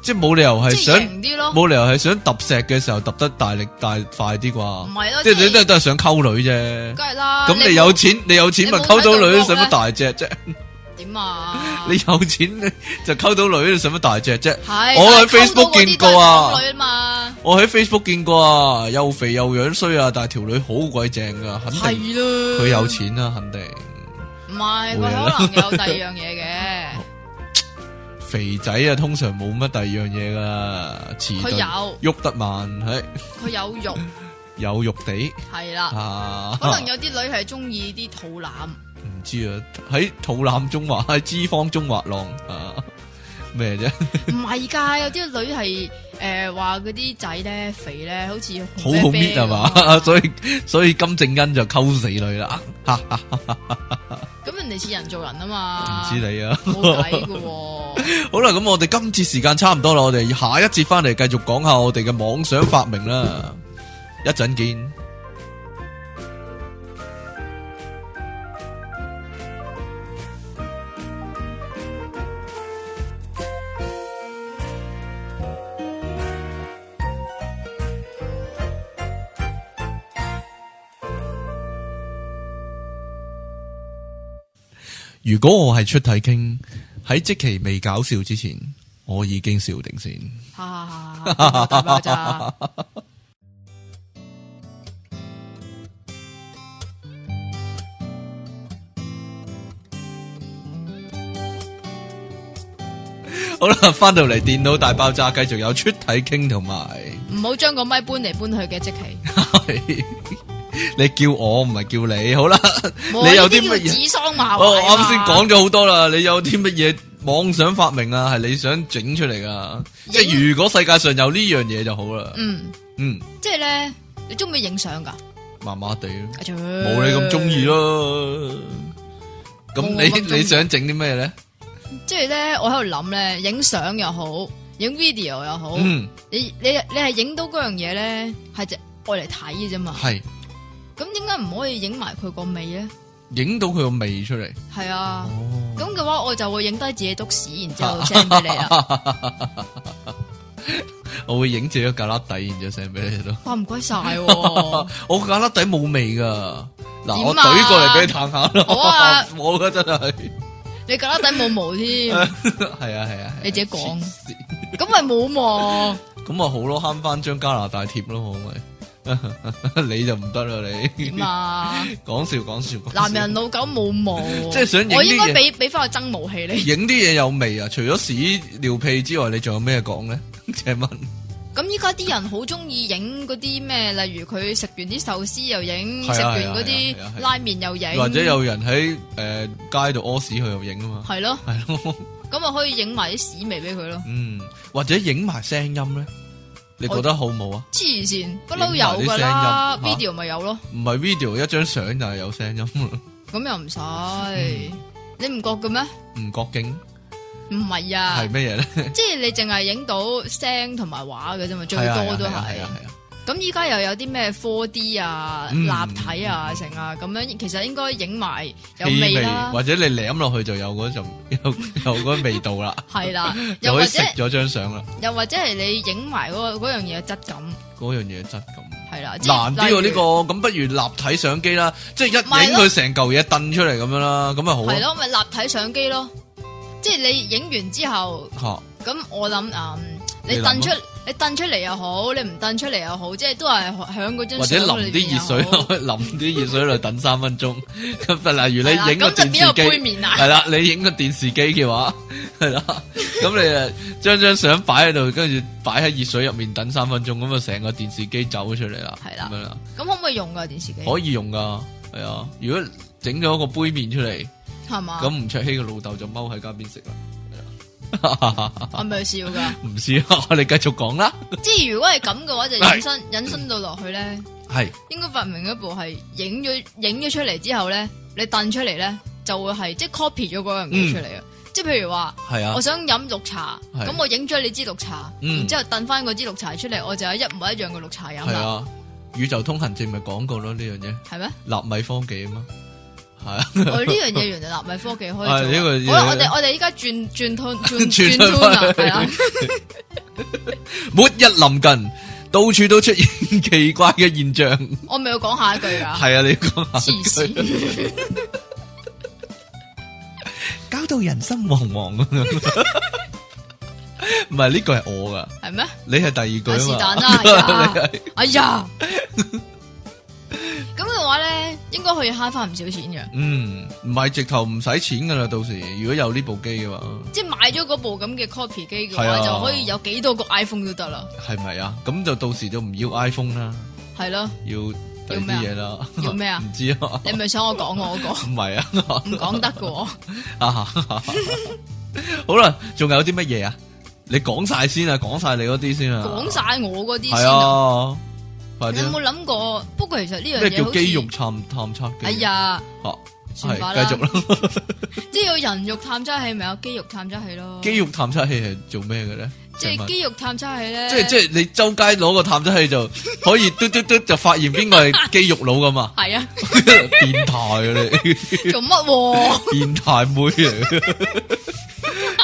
即係冇理由係想冇理由係想揼石嘅時候揼得大力大快啲啩？唔係咯，即係你都係都係想溝女啫。梗係啦！咁你有錢，你有錢咪溝到女，使乜大隻啫？ 你有錢咧就溝到女，你做乜大隻啫？是我喺 Facebook 見過啊，嘛我喺 Facebook 見過、啊，又肥又樣衰啊，但係條女好鬼正噶、啊，肯定。係咯的，佢有錢啦，肯定。唔係，佢可能有第二樣嘢嘅。肥仔啊，通常冇乜第二樣嘢噶，遲鈍，佢有，喐得慢，係。佢有肉， 有肉地，係啦。可能有啲女係中意啲肚腩。唔知啊，喺肚腩中滑，喺脂肪中滑浪啊，咩啫？唔係噶，有啲女係誒，話嗰啲仔咧肥咧，好似好好搣係嘛， 所以所以金正恩就溝死女啦。咁、啊啊啊啊啊、人哋似人做人啊嘛？唔知你啊，啊 好睇噶。好啦，咁我哋今次時間差唔多啦，我哋下一節翻嚟繼續講下我哋嘅妄想發明啦，一陣見。如果我係出體 king 喺積淇未搞笑之前，我已經笑定先。好啦、啊，翻到嚟電腦大爆炸，繼 續有出體 king 同埋。唔好將個咪搬嚟搬去嘅積淇。 你叫我唔係叫你好啦，你有啲乜嘢？哦，啱先講咗好多啦。你有啲乜嘢妄想發明啊？係你想整出嚟噶？即係如果世界上有呢樣嘢就好啦。嗯嗯，即係咧，你中唔中意影相噶？麻麻地，冇你咁中意咯。咁你你想整啲咩咧？即係咧，我喺度諗咧，影相又好，影 video 又好。嗯，你你你係影到嗰樣嘢咧，係只愛嚟睇嘅啫嘛。係。咁點解唔可以影埋佢個味咧？影到佢個味出嚟。係啊，咁嘅話我就會影低自己篤屎，然之後 send 俾你啊！我會影自己個格拉底，然之後 send 俾你咯。哇唔該晒，我格拉底冇味噶。嗱，我懟過嚟俾你探下咯。冇啊，冇啊，真係。你格拉底冇毛添。係啊係啊，你自己講。咁咪冇毛。咁咪好咯，慳翻張加拿大貼咯，係咪？你就唔得啦，你點呀？講笑講笑，男人老狗冇毛，即係想影啲嘢，我應該俾俾翻佢增毛器咧。影啲嘢有味啊，除咗屎尿屁之外，你仲有咩講咧？請問，咁依家啲人好中意影嗰啲咩，例如佢食完啲壽司又影，食完嗰啲拉麵又影，或者有人喺誒街度屙屎佢又影啊嘛。係咯，係咯，咁咪可以影埋啲屎味俾佢咯。嗯，或者影埋聲音咧。你覺得好冇啊？黐線，不嬲有㗎啦，video 咪有咯。唔係 video，一張相就係有聲音啦。咁又唔使，你唔覺嘅咩？唔覺勁？唔係呀。係咩嘢咧？即係你淨係影到聲同埋畫嘅啫嘛，最多都係。係啊，係啊。咁依家又有啲咩 4D 啊、立體啊、成啊咁樣，其實應該影埋有味啦，或者你舐落去就有嗰陣，有有嗰味道啦。係啦，又或者影咗張相啦，又或者係你影埋嗰嗰樣嘢嘅質感，嗰樣嘢嘅質感。係啦，難啲喎呢個，咁不如立體相機啦，即係一影佢成嚿嘢掟出嚟咁樣啦，咁咪好咯。係咯，咪立體相機咯，即係你影完之後，咁我諗嗯，你掟出。你掟出嚟又好，你唔掟出嚟又好，即係都係響嗰張。或者淋啲熱水落去， 淋啲熱水落去等三分鐘。咁例如你影個杯麵係啦，你影個電視機嘅話係啦，咁你誒將張相擺喺度，跟住擺喺熱水入面等三分鐘，咁就成個電視機走出嚟啦。係 啦，咁啦樣可唔可以用噶電視機？可以用噶係啊。如果整咗個杯麵出嚟，係嘛嗎？咁吳卓羲嘅老豆就踎喺街邊食啦。我咪笑噶，唔笑，我你繼續講啦。即係如果係咁嘅話，就引申引申到落去咧。係應該發明一部係影咗影咗出嚟之後咧，你掟出嚟咧就會係即係 copy 咗嗰樣嘢出嚟啊！即係譬如話，係啊，我想飲綠茶，咁我影咗你支綠茶，然之後掟翻嗰支綠茶出嚟，我就有一模一樣嘅綠茶飲啊，宇宙通行證咪講過咯，呢樣嘢係咩？納米科技啊嘛！係啊，我呢樣嘢，完就納米科技可以做。好啦，我哋我哋依家，轉轉 turn 轉 turn 啊，係啊，末日臨近，到處都出現奇怪嘅現象。我未有講下一句啊。係啊，你講啊。黐線，搞到人心惶惶啊！唔係呢個係我噶，係咩？你係第二句啊嘛。是但啊。哎呀。咁嘅話咧，應該可以慳翻唔少錢嘅。嗯，唔係直頭唔使錢噶啦，到時如果有呢部機嘅話，即係買咗嗰部咁嘅 copy 機嘅話，就可以有幾多個 iPhone 都得啦。係咪啊？咁就到時就唔要 iPhone 啦。係咯，要第二啲嘢啦。要咩啊？唔知啊。你咪想我講我講？唔係啊，唔講得嘅。啊，好啦，仲有啲乜嘢啊？你講晒先啊，講晒你嗰啲先啊。講晒我嗰啲先你有冇諗過？不過其實呢樣嘢咩叫肌肉探探測器？哎呀，吓係繼續啦。即係有人肉探測器咪有肌肉探測器咯？肌肉探測器係做咩嘅咧？即係肌肉探測器咧？即係即係你周街攞個探測器就可以嘟嘟嘟就發現邊個係肌肉佬噶嘛？係啊，變態啊你！做乜？變態妹嚟！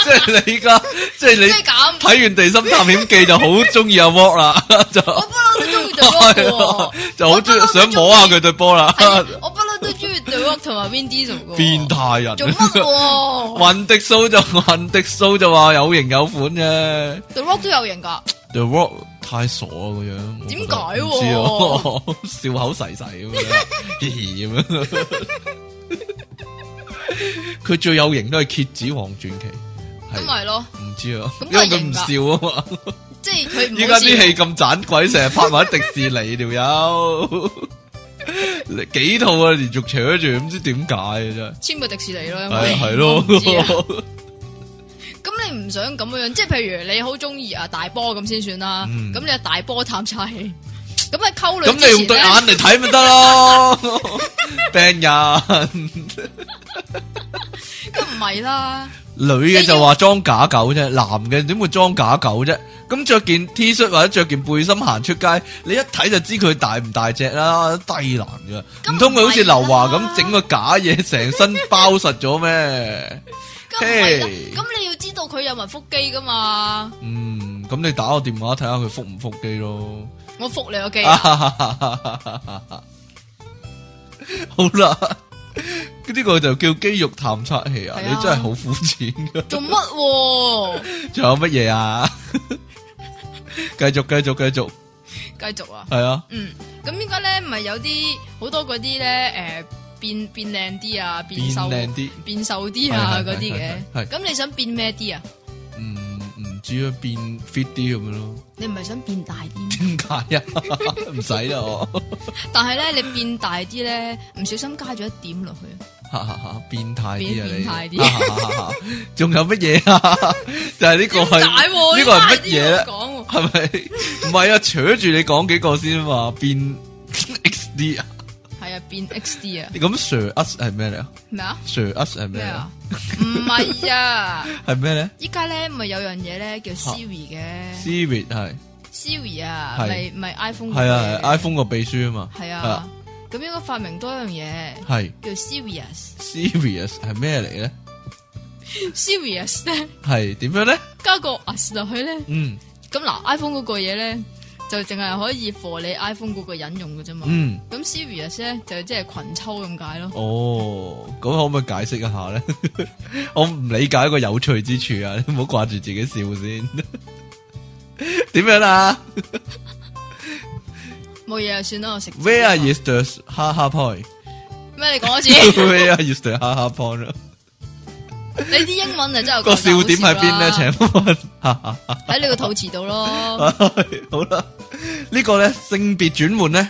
即係你而家，即係你即係咁睇完《地心探險記》就好中意阿沃啦，就。我中意對波，就好中意想摸下佢對波啦。我不嬲都中意 The Rock 同埋 Vin Diesel 變態人做乜嘅？Vin Diesel 就 Vin Diesel 就話有型有款啫。The Rock 都有型噶。The Rock 太傻咁樣，點解？笑口噬噬咁樣，嘻嘻咁樣。佢最有型都係蠍子王傳奇，係咪咯？唔知啊，因為佢唔笑啊嘛。即係依家啲戲咁盞鬼，成日拍埋迪士尼條友，幾套啊連續扯住，唔知點解啊，真係簽個迪士尼咯，係係咯。咁你唔想咁樣，即係譬如你好中意啊大波咁先算啦。咁你大波探晒戲，咁啊溝女，咁你用對眼嚟睇咪得咯，病人。咁唔係啦，女嘅就話裝假狗啫，男嘅點會裝假狗啫？咁着件 T 恤或者着件背心行出街，你一睇就知佢大唔大隻啦，低能噶，唔通佢好似劉華咁整個假嘢成身包實咗咩？咁你要知道佢有冇腹肌噶嘛？嗯，咁你打個電話睇下佢腹唔腹肌咯。我腹你個肌， 好啦，呢、這個就叫肌肉探測器啊！啊你真係好膚淺噶。做乜？仲有乜嘢啊？ 繼續繼續繼續繼續啊！係啊，嗯，咁應該咧唔係有啲好多嗰啲咧，誒、呃，變變靚啲啊，變瘦啲，變瘦啲啊，嗰啲嘅，咁你想變咩啲啊？唔唔、嗯、知啊，變 fit 啲咁樣咯。你唔係想變大啲？點解什 啊？唔使啦，我。但係咧，你變大啲咧，唔小心加咗一點落去。吓吓吓， 變態啲啊你，仲有乜嘢啊？ 就係呢個係呢個係乜嘢咧？係咪？唔係啊，扯住、 啊、你講幾個先嘛？變 X D 啊？係 啊，變 X D 啊？你咁 Sir Us 係咩嚟啊？咩啊？Sir Us 係咩啊？唔係啊？係咩咧？依家咧咪有樣嘢咧叫 Siri 嘅？Siri 係 Siri 啊？係咪咪 iPhone？係啊，iPhone 個秘書啊嘛？係啊。 咁應該發明多一樣嘢，係叫 serious，serious 係咩嚟咧？serious 咧係點樣咧？加個 s 落去咧，嗯，咁嗱 iPhone 嗰個嘢咧就淨係可以 for 你 iPhone 嗰個引用嘅啫嘛，嗯，咁 serious 咧就即係群抽咁解咯。哦，咁可唔可以解釋一下咧？ 我唔理解一個有趣之處啊，你唔好掛住自己笑先，點 樣啊？ 冇嘢啊，算啦，我食。Where is the 哈哈 point？咩？你講多次？Where is the 哈哈 point 啦？ 你啲英文真係個笑，， 笑點喺邊咧？請問，哈哈喺你個肚臍度咯。好啦，呢個咧性別轉換咧，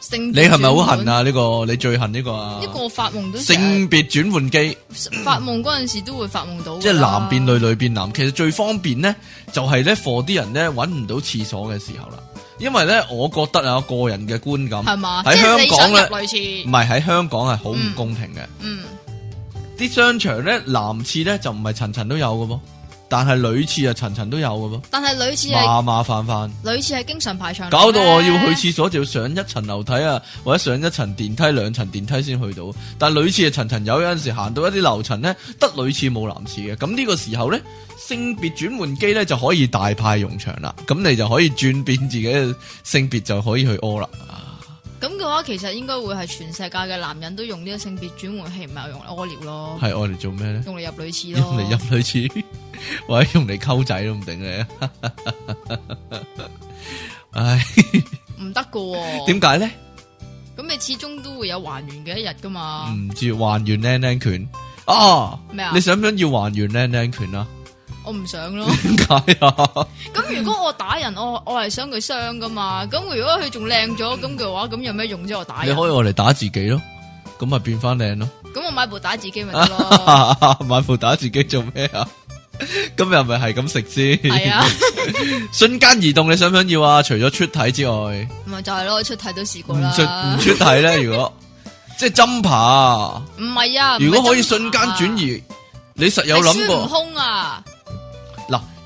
性你係咪好恨啊？呢、這個你最恨呢個啊？一個發夢都性別轉換機，發夢嗰陣時都會發夢到。即係男變女，女變男。其實最方便咧，就係咧 for 啲人咧揾唔到廁所嘅時候啦。因為呢，我覺得有個人嘅觀感，喺吧香港呢，唔係喺香港係好唔公平嘅。嗯，嗯，啲商場呢，男廁呢，就唔係層層都有嘅噃。但係女廁啊，層層都有嘅噃。但係女廁麻麻煩煩，女廁係經常排長，搞到我要去廁所就要上一層樓梯啊，或者上一層電梯、兩層電梯先去到。但係女廁啊，層層有，有陣時行到一啲樓層咧，得女廁冇男廁嘅。咁呢個時候咧，性別轉換機咧就可以大派用場啦。咁你就可以轉變自己嘅性別，就可以去屙啦。咁嘅話，其實應該會係全世界嘅男人都用呢個性別轉換器，唔係用嚟屙尿咯。係，我嚟做咩咧？用嚟入女廁咯。用嚟入女廁， 或者用嚟溝仔都唔定嘅。 唉，唔得噶。點解咧？咁你始終都會有還原嘅一日噶嘛？唔知還原靚靚拳啊？咩啊？你想唔想要還原靚靚拳啊？我唔想咯。點解啊？咁如果我打人，我我係想佢傷噶嘛？咁如果佢仲靚咗咁嘅話，咁有咩用啫？我打你可以我嚟打自己咯，咁咪變翻靚咯。咁我買部打字機咪得咯， 買部打字機做咩啊？咁又咪係咁食先。係啊，瞬間移動你想唔想要啊？除咗出體之外，咪就係咯，出體都試過啦。唔出，出體咧，如果 即係針爬，唔係啊。如果可以瞬間轉移， 你實有諗過？孫悟空啊！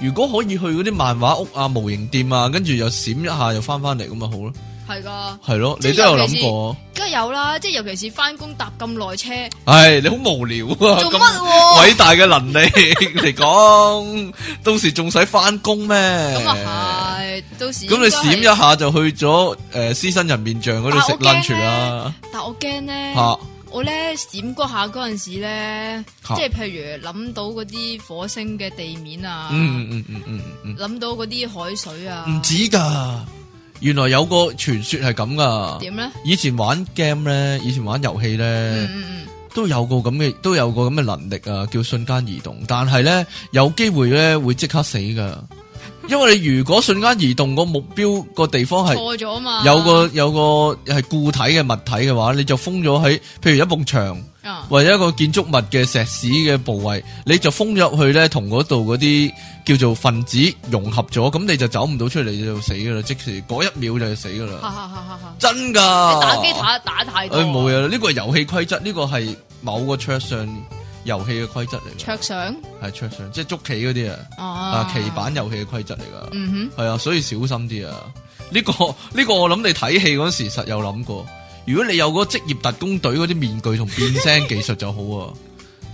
如果可以去嗰啲漫畫屋啊、模型店啊，跟住又閃一下又翻翻嚟咁咪好咯？係噶，係咯，你都有諗過，梗係有啦，即係尤其是翻工搭咁耐車，係你好無聊啊！做乜偉大嘅能力嚟講，到時仲使翻工咩？咁啊係，到時咁你閃一下就去咗誒，獅身人面像嗰度食 lunch 啦。但我驚咧吓。我咧，閃覺下嗰陣時咧，即係譬如諗到嗰啲火星嘅地面啊，諗、嗯嗯嗯嗯嗯、到嗰啲海水啊，唔止噶，原來有個傳說係咁噶。點咧？以前玩 game 咧，以前玩遊戲咧，嗯，都有個咁嘅都有個咁嘅能力啊，叫瞬間移動，但係咧有機會咧會即刻死噶。因為你如果瞬間移動個目標個地方係錯咗啊嘛，有個有個係固體嘅物體嘅話，你就封咗喺，譬如一埲牆，或者一個建築物嘅石屎嘅部位，你就封咗入去咧，同嗰度嗰啲叫做分子融合咗，咁你就走唔到出嚟就死噶啦，即時嗰一秒就死噶啦，真噶，打機打打太多，誒冇嘢啦，呢個係遊戲規則，呢個係某個桌上遊戲嘅規則嚟，嘅，桌上係桌上，即係捉棋嗰啲啊，啊棋板遊戲嘅規則嚟噶，嗯哼，係啊，所以小心啲啊。呢個呢個我諗你睇戲嗰時實有諗過，如果你有嗰職業特工隊嗰啲面具同變聲技術就好啊，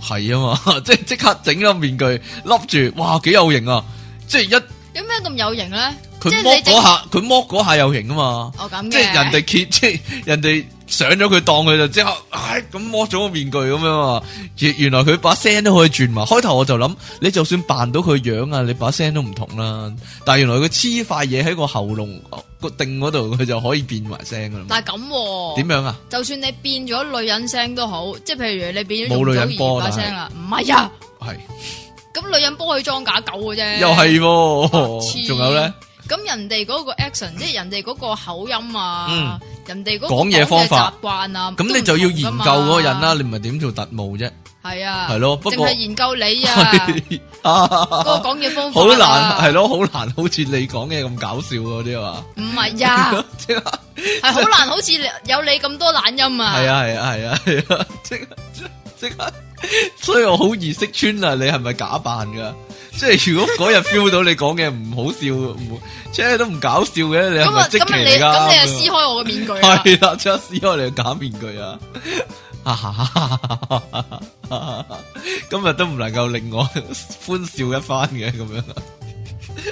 係啊 嘛，即係即刻整個面具笠住，哇，幾有型啊！即係一有咩咁有型咧？佢剝嗰下，佢剝嗰下有型啊嘛！哦咁，即係人哋揭，即人哋。人他他上咗佢，當佢就即刻唉，咁摸咗個面具咁樣啊！原原來佢把聲都可以轉埋。開頭我就諗，你就算扮到佢樣啊，你把聲都唔同啦。但係原來佢黐塊嘢喺個喉嚨個、呃、定嗰度，佢就可以變埋聲噶。但係咁點樣啊？樣啊就算你變咗女人聲都好，即係譬如你變咗冇女人播把聲啦，唔係是啊？係是。咁女人播可以裝假狗嘅啫。又係喎、哦，仲 有咧呢？咁人哋嗰個 action，即係人哋嗰個口音啊。嗯嗯人哋講嘢方法習慣啊，咁你就要研究嗰個人啦，你唔係點做特務啫？係啊，係咯，不過係研究你啊，嗰個講嘢方法好難，係咯，好難，好似你講嘢咁搞笑嗰啲啊，唔係呀，係好難，好似有你咁多懶音啊，係啊，係啊，係啊，係啊。即刻，所以我好易識穿啦。你係咪假扮噶？即係如果嗰日 feel 到你講嘅唔好笑，唔即係都唔搞笑嘅。你咁啊？咁你咁你又撕開我嘅面具啊？係啦， 即刻撕開你假面具啊！啊哈！今日都唔能夠令我歡笑一番嘅咁樣。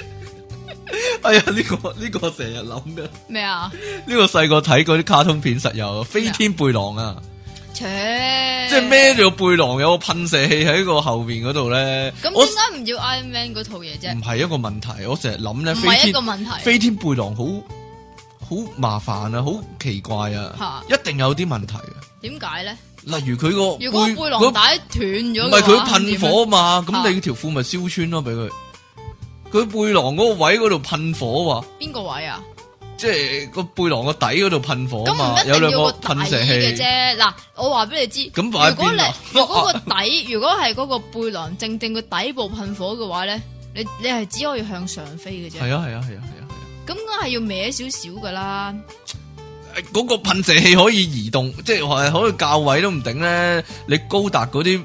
哎呀，呢、呢個呢、呢個成日諗噶咩啊？呢個細個睇過啲卡通片，實有飛天背囊啊！即係孭住個背囊有個噴射器喺個後邊嗰度咧，咁點解唔要 Iron Man 嗰套嘢啫。唔係一個問題，我成日諗咧。唔係一個問題，飛天背囊好好麻煩啊，好奇怪啊，一定有啲問題啊。點解咧？例如佢個如果背囊帶斷咗，唔係佢噴火嘛？咁你條褲咪燒穿咯，俾佢。佢背囊嗰個位嗰度噴火話，邊個位啊？即係個背囊個底嗰度噴火，有兩個噴射器嘅啫。嗱，我話俾你知，如果你如果個底 如果係嗰個背囊正正個底部噴火嘅話咧，你你係只可以向上飛嘅啫。係啊，係啊，係啊，係啊，咁梗係要歪少少噶啦。嗰個噴射器可以移動，即係可以校位都唔定咧。你高達嗰啲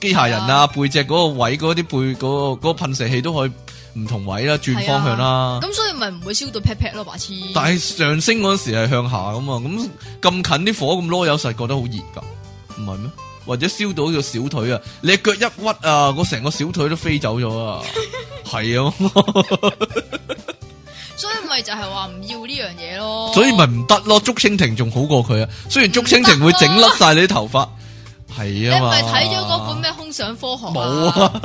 機械人啊，啊背脊嗰個位嗰啲背嗰、嗰個嗰、嗰個噴射器都可以。唔同位啦，轉方向啦，咁、啊、所以咪唔會燒到劈劈咯，白痴。但係上升嗰時係向下咁嘛。咁咁近啲火咁囉柚實覺得好熱噶，唔係咩？或者燒到條小腿啊，你腳一屈啊，我成個小腿都飛走咗 啊，係啊，所以咪就係話唔要呢樣嘢咯，所以咪唔得咯，竹蜻蜓仲好過佢啊，雖然竹蜻蜓會整甩晒你啲頭髮。行 係啊，你唔係睇咗嗰本咩空想科學冇啊！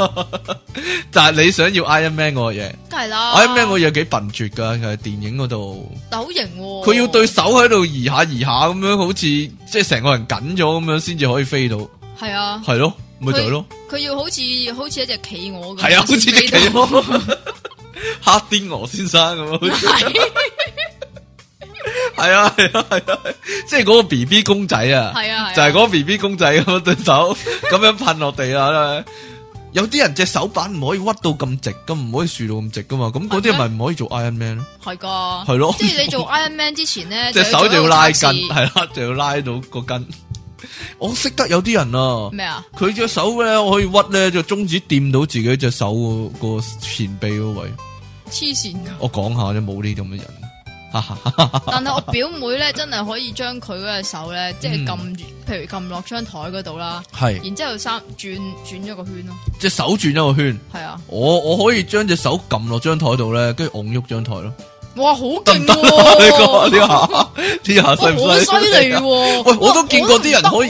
就係沒、啊、 你想要 Iron Man 個嘢？梗係啦，Iron Man 個嘢幾笨拙噶，佢係電影嗰度，但係好型。佢要對手喺度移下移下咁樣，好似即係成個人緊咗咁樣，先至可以飛到。係啊，係咯，啊，咪就係咯。佢要好似好似一隻企鵝咁，係啊，好似隻企鵝， 黑癲鵝先生咁樣。好似 係啊係啊係啊，即係嗰個 B B 公仔啊，係啊，就係嗰個 B B 公仔嗰對手咁樣噴落地啊！有啲人隻手板唔可以屈到咁直噶，唔可以豎到咁直噶嘛，咁嗰啲咪唔可以做 Iron Man 咯？係噶，係咯，即係你做 Iron Man 之前咧，隻手就要拉筋，係啦，就要拉到個筋。我識得有啲人啊，咩啊？佢隻手咧，我可以屈咧，就中指掂到自己隻手個個前臂嗰位。黐綫噶！我講下啫，冇呢啲咁嘅人。但係我表妹咧，真係可以將佢嗰隻手咧，即係撳，譬如撳落張台嗰度啦。係。然之後三轉轉一個圈咯。隻手轉一個圈。係啊。我我可以將隻手撳落張台度咧，跟住昂喐張台咯。哇！好勁喎！呢個呢下點下犀唔犀利？好犀利喎！我都見過啲人可以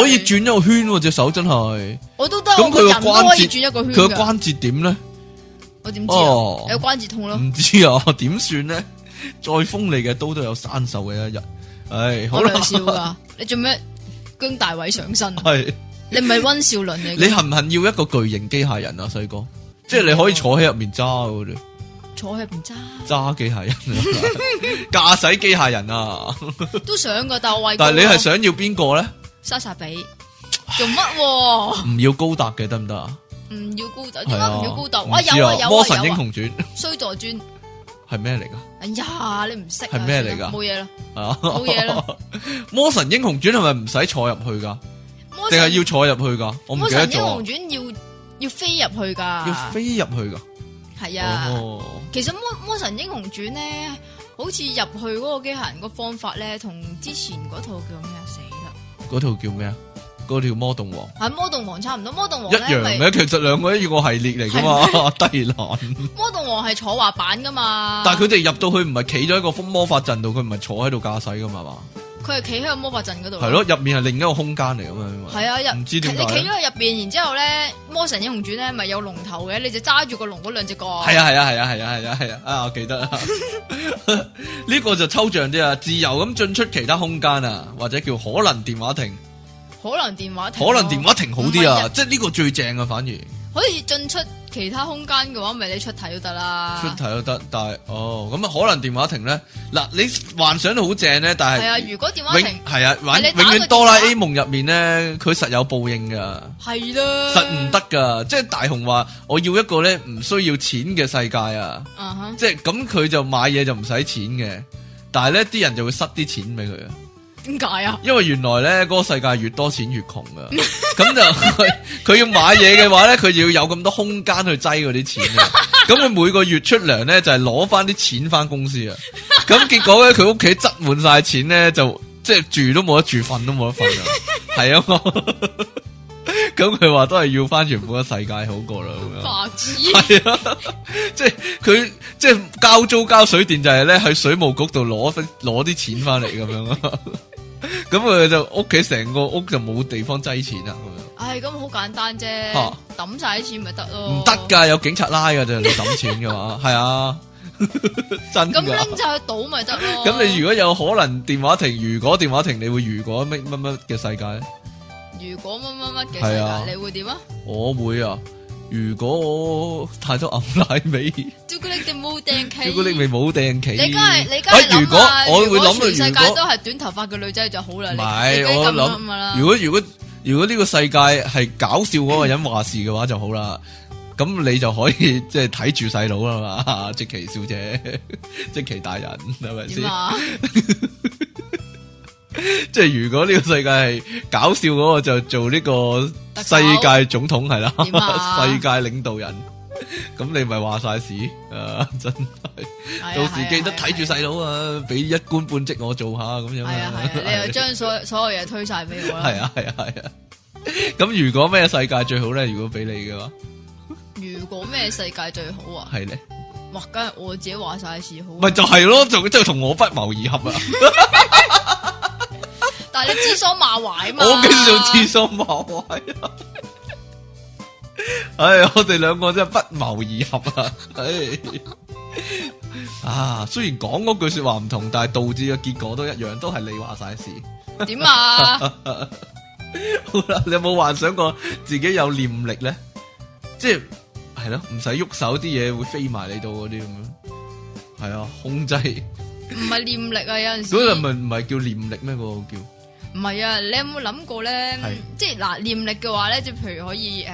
可以轉一個圈，隻手真係。我都得。咁佢個關節轉一個圈。佢個關節點咧？我點知啊？有關節痛咯。唔知啊？點算咧？再鋒利嘅刀都有生銹嘅一日，唉，好搞笑噶！你做咩姜大衛上身？係你唔係温兆倫嚟嘅？你肯唔肯要一個巨型機械人啊，細哥？即係你可以坐喺入面揸嗰啲，坐喺入面揸揸機械人，駕駛機械人啊！都想噶，但係但係你係想要邊個咧？莎莎比做乜？唔要高達嘅得唔得啊？唔要高孤仔，唔要高達，有啊有啊有《魔神英雄傳》，《衰座傳》係咩嚟噶？哎呀，你唔識係咩嚟噶？冇嘢咯，冇嘢咯。魔神英雄傳係咪唔使坐入去噶？定係要坐入去噶？我唔知。魔神英雄傳要要飛入去噶？要飛入去噶？係啊，其實魔魔神英雄傳咧，好似入去嗰個機械人個方法咧，同之前嗰套叫咩啊？死啦！嗰套叫咩啊？嗰條魔動王係、啊、魔動王差唔多，魔動王一樣嘅，其實兩個一個系列嚟噶嘛，嗎低難 冷。魔動王係坐滑板噶嘛，但係佢哋入到去唔係企咗一個魔法陣度，佢唔係坐喺度駕駛噶嘛嘛，佢係企喺個魔法陣嗰度。係咯，入面係另一個空間嚟噶嘛，係啊，唔知道你企咗入邊，然之後咧《魔神英雄傳》咧咪有龍頭嘅，你就揸住個龍嗰兩隻角。係啊係啊係啊係啊係啊係啊，啊，啊，啊我記得。呢 個就抽象啲啊，自由咁進出其他空間啊，或者叫可能電話亭。可能電話停，可能電話停好啲啊！即係呢個最正啊，反而可以進出其他空間嘅話，咪你出體都得啦。出體都得，但係哦，咁啊可能電話停咧。嗱，你幻想都好正咧，但係係啊，如果電話停係啊，玩永遠哆啦 A 夢入面咧，佢實有報應噶，係啦，實唔得噶。即係大雄話我要一個咧唔需要錢嘅世界啊，uh huh. 即係咁佢就買嘢就唔使錢嘅，但係咧啲人就會塞啲錢俾佢啊。點解啊？為因為原來咧，嗰、嗰個世界越多錢越窮啊！咁 就佢要買嘢嘅話咧，佢要有咁多空間去擠嗰啲錢啊！咁佢 每個月出糧咧就係攞翻啲錢翻公司啊！咁 結果咧佢屋企積滿晒錢咧就即係住都冇得住，瞓都冇得瞓 是啊！係 啊咁佢話都係要翻全部嘅世界好過啦，咁樣係啊，即係佢即係交租交水電就係咧喺水務局度攞攞啲錢翻嚟咁樣，咁佢 就屋企成個屋就冇地方擠錢啦，咁樣、哎。唉，咁好簡單啫，抌晒啲錢咪得咯。唔得噶，有警察拉噶咋，你抌錢嘅話，係 是啊， 真嘅的。咁拎就去賭咪得。咁 你如果有可能電話停，如果電話停，你會如果乜乜乜嘅世界？如果乜乜乜嘅，啊、你會點啊？我會啊！如果我太多牛奶味，朱古力味冇定期，朱古力味冇定期。 你梗係你梗、哎啊、如果我會諗到，果全世界都係短頭髮嘅女仔就好啦。唔係、哎，我諗如果、啊、如果如果呢個世界係搞笑嗰個人話事嘅話就好啦。咁、嗯、你就可以即係睇住細佬啦嘛，積淇小姐，積淇大人，係咪先？ 即係如果呢個世界係搞笑嗰個就做呢個世界總統係啦，世界領導人，咁你咪話晒事誒，真係到時記得睇住細佬啊，俾一官半職我做下咁樣啊，你又將所所有嘢推晒俾我啦，係啊係啊係啊，咁如果咩世界最好咧？如果俾你嘅話，如果咩世界最好啊？係咧，哇，梗係我自己話晒事好，咪就係咯，就真係同我不謀而合啊！但係你指桑罵槐嘛？我幾時用指桑罵槐啊？唉、 哎，我哋兩個真係不謀而合啊！唉、 哎！啊，雖然講嗰句說話唔同，但係導致嘅結果都一樣，都係你話晒事。點啊？ 好啦，你有冇幻想過自己有念力咧？即係係咯，唔使喐手，啲嘢會飛埋你度嗰啲咁樣。係啊，控制。唔 係念力啊，有陣時。嗰個唔係唔係叫念力咩？嗰、嗰個叫。唔係啊，你有冇諗過咧？即係嗱，念力嘅話咧，即係譬如可以誒，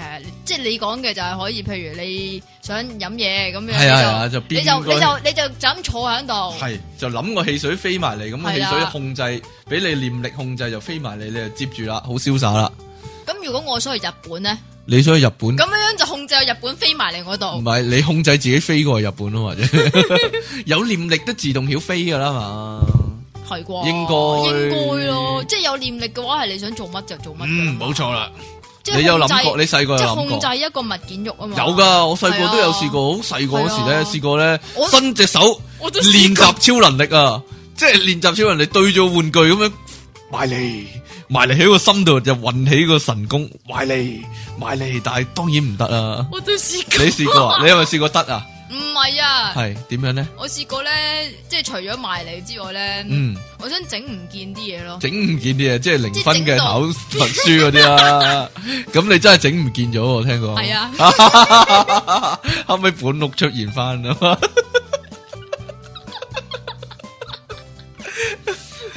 即係你講嘅就係可以，譬如你想飲嘢咁樣，係啊，你就你就你就就坐喺度，係就諗個汽水飛埋嚟，咁汽水控制俾你念力控制就飛埋嚟，你就接住啦，好瀟灑啦。咁如果我想去日本咧，你想去日本，咁樣就控制去日本飛埋嚟我度。唔係你控制自己飛過去日本啊嘛，或者有念力都自動曉飛噶啦嘛。係啩，應該應該咯，即係有念力嘅話，係你想做乜就做乜。嗯，冇錯啦，你有諗過？你細個有控制一個物件郁啊嘛，有噶，我細個都有試過，好細個嗰時咧，試過咧，伸隻手練習超能力啊，即係練習超能力對住玩具咁樣埋嚟埋嚟，喺個心度就運起個神功埋嚟埋嚟，但係當然唔得啦。我都試過，你試過啊？你有冇試過得啊？唔係啊，係點樣咧？我試過咧，即係除咗賣你之外咧，嗯，我想整唔見啲嘢咯，整唔見啲嘢，即係零分嘅考文書嗰啲啊。咁 你真係整唔見咗，我聽過。係啊，啊 後尾本屋出現翻 啊，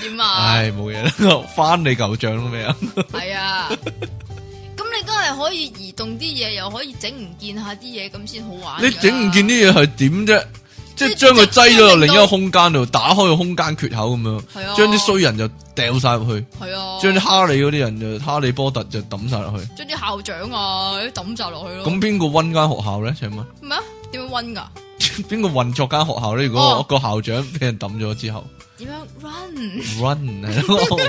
點 啊？唉，冇嘢啦，翻你舊賬都未啊？係啊。係可以移動啲嘢，又可以整唔見下啲嘢，咁先好玩。你整唔見啲嘢係點啫？即係將佢擠咗落另一個空間度， 打開個空間缺口咁樣，將啲衰人就掉晒入去。係啊，將啲哈利嗰啲人就哈利波特就抌晒入去，將啲校長啊抌晒落去咯。咁邊個温間學校咧？請問咩啊？點樣温噶？邊個運作間學校咧？如果個、啊、校長俾人抌咗之後？點樣 run run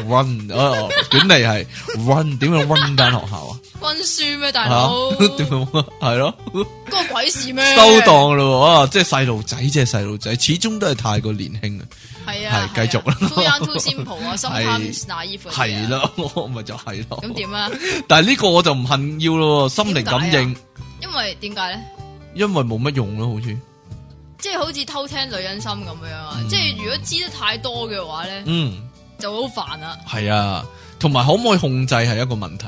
run 哦，原嚟係 run 點樣 run 間學校啊？溫書咩大佬？係咯，嗰個鬼事咩？收檔咯，即係細路仔，即係細路仔，始終都係太過年輕啊！係啊，係繼續啦。Into simple 啊，sometimes 拿衣服嚟嘅。係咯，我咪就係咯。咁點啊？但係呢個我就唔肯要咯，心靈感應。因為點解咧？因為冇乜用咯，好似。即係好似偷聽女人心咁樣啊！嗯、即係如果知得太多嘅話咧，嗯，就會好煩啊。係啊，同埋可唔可以控制係一個問題。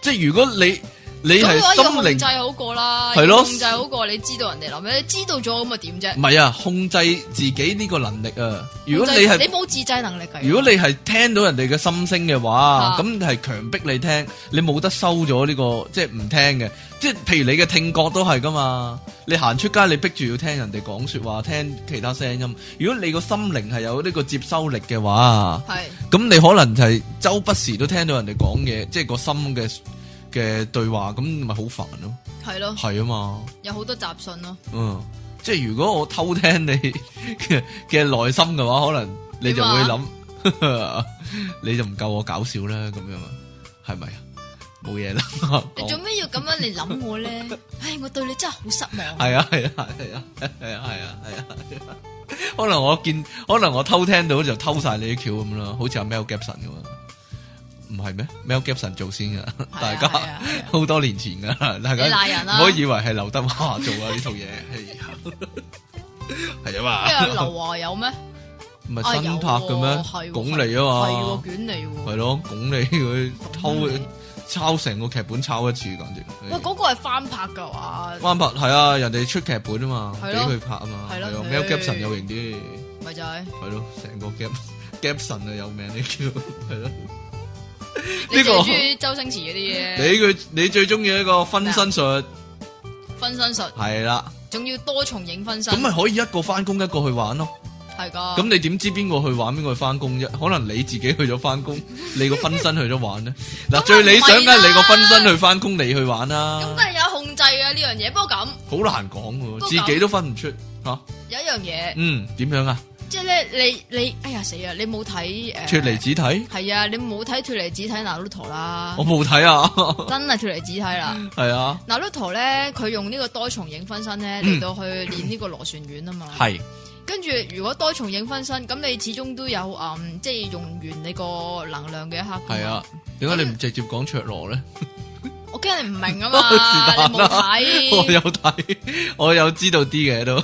即係如果你。你係心靈控制好過啦，咯控制好過，是你知道人哋諗咩？你知道咗咁啊點啫？唔係啊，控制自己呢個能力啊。制如果你係你冇自制能力、啊、如果你係聽到人哋嘅心聲嘅話，咁係、啊、強迫你聽，你冇得收咗呢、這個，即係唔聽嘅。即係譬如你嘅聽覺都係噶嘛，你行出街你逼住要聽人哋講説話，聽其他聲音。如果你個心靈係有呢個接收力嘅話，係咁是你可能就係周不時都聽到人哋講嘢，即、就、係、是、個心嘅。嘅對話咁咪好煩、啊、咯，係咯，係啊嘛，有好多雜訊咯、啊，嗯，即係如果我偷聽你嘅內心嘅話，可能你就會諗，啊、 你就唔夠我搞笑啦，咁樣，樣啊，係咪啊？冇嘢啦，你做咩要咁樣嚟諗我咧？唉，我對你真係好失望。係啊，係啊，係啊，係啊，係啊，係啊，可能我見，可能我偷聽到就偷晒你啲橋咁啦，好似阿 Mel Gibson 咁啊。唔係咩？Mel Gibson 做先噶，大家好多年前噶，大家唔好以為係劉德華做啊呢套嘢，係啊嘛。今日劉華有咩？唔係新拍嘅咩？拱嚟啊嘛，係咯，捲嚟。係咯，拱嚟佢抄抄成個劇本抄一次，簡直。喂，嗰個係翻拍噶話，翻拍係啊，人哋出劇本啊嘛，俾佢拍啊嘛，係咯。Mel Gibson 有型啲，咪就係咯，成個 G Gibson 啊有名你叫，係咯。你中意周星馳嗰啲嘢？你佢你最中意一個分身術，分身術係啦，仲要多重影分身。咁咪可以一個翻工，一個去玩咯。係噶，咁你點知邊個去玩，邊個去翻工啫？可能你自己去咗翻工，你個分身去咗玩咧。嗱，最理想梗，你個分身去翻工，你去玩啦。咁都係有控制㗎呢樣嘢，不過咁好難講，自己都分唔出吓。有一樣嘢，嗯，點樣啊？即係咧，你你哎呀死、呃、啊！你冇睇誒，脫離子體係啊！你冇睇脫離子體那魯陀啦，我冇睇啊！真係脫離子體啦，係啊！那魯陀咧，佢用呢個多重影分身咧嚟，到去練呢個螺旋丸啊嘛，係是。跟住如果多重影分身，咁你始終都有誒、嗯，即係用完你個能量嘅一刻，係啊？點解你唔直接講卓羅咧？ 我驚你唔明啊嘛，你冇睇，我有睇，我有知道啲嘅都。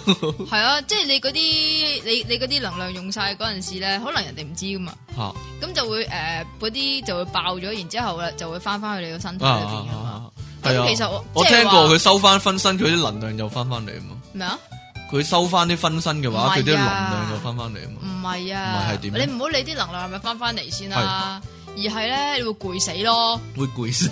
係啊，即係你嗰啲，你你啲能量用晒嗰陣時咧，可能人哋唔知噶嘛。吓，咁就會誒嗰啲就會爆咗，然之後咧就會翻翻去你個身體裏邊噶嘛。咁其實我我聽過佢收翻分身，佢啲能量又翻翻嚟啊嘛。咩啊？佢收翻啲分身嘅話，佢啲能量又翻翻嚟啊嘛。唔係啊。唔係係點？你唔好理啲能量係咪翻翻嚟先啦，而係咧你會攰死咯。會攰死。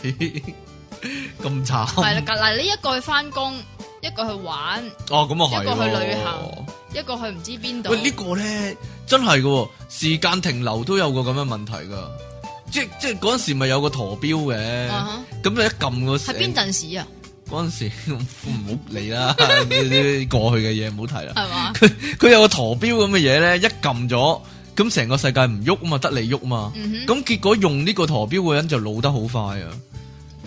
咁慘係啦，隔籬呢一個去翻工，一個去玩，哦咁啊一個去旅行，哦、一個去唔知邊度。喂，這個、呢個咧真係噶，時間停留都有個咁嘅問題噶，即係即係嗰陣時咪有個陀表嘅，咁、uh huh. 你一撳嗰時係邊陣時啊？嗰陣那時唔好理啦，啲 了 過去嘅嘢唔好睇啦。係嘛？ 佢有個陀表咁嘅嘢咧，一撳咗，咁成個世界唔喐啊嘛，得你喐啊嘛，咁、mm hmm. 結果用呢個陀表嘅人就老得好快啊。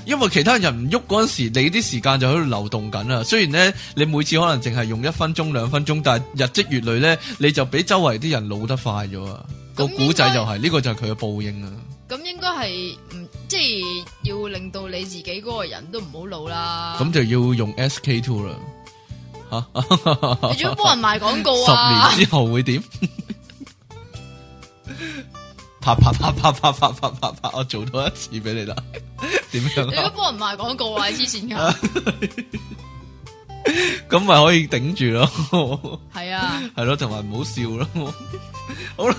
因為其他人唔喐嗰陣時，你啲時間就喺度流動緊啦。雖然咧，你每次可能淨係用一分鐘、兩分鐘，但日積月累咧，你就比周圍啲人老得快咗啊！個古仔就係、是、呢該個就係佢嘅報應啊！咁、嗯、應該係唔即係要令到你自己嗰個人都唔好老啦。咁就要用 S K Two 啦。吓、啊，如果冇人賣廣告啊，十年之後會點？ 啪啪啪啪啪啪啪啪啪！我做多一次俾你啦，點樣？你都幫唔賣廣告啊，黐線噶！咁咪可以頂住咯。係啊，係咯，同埋唔好笑咯。好啦，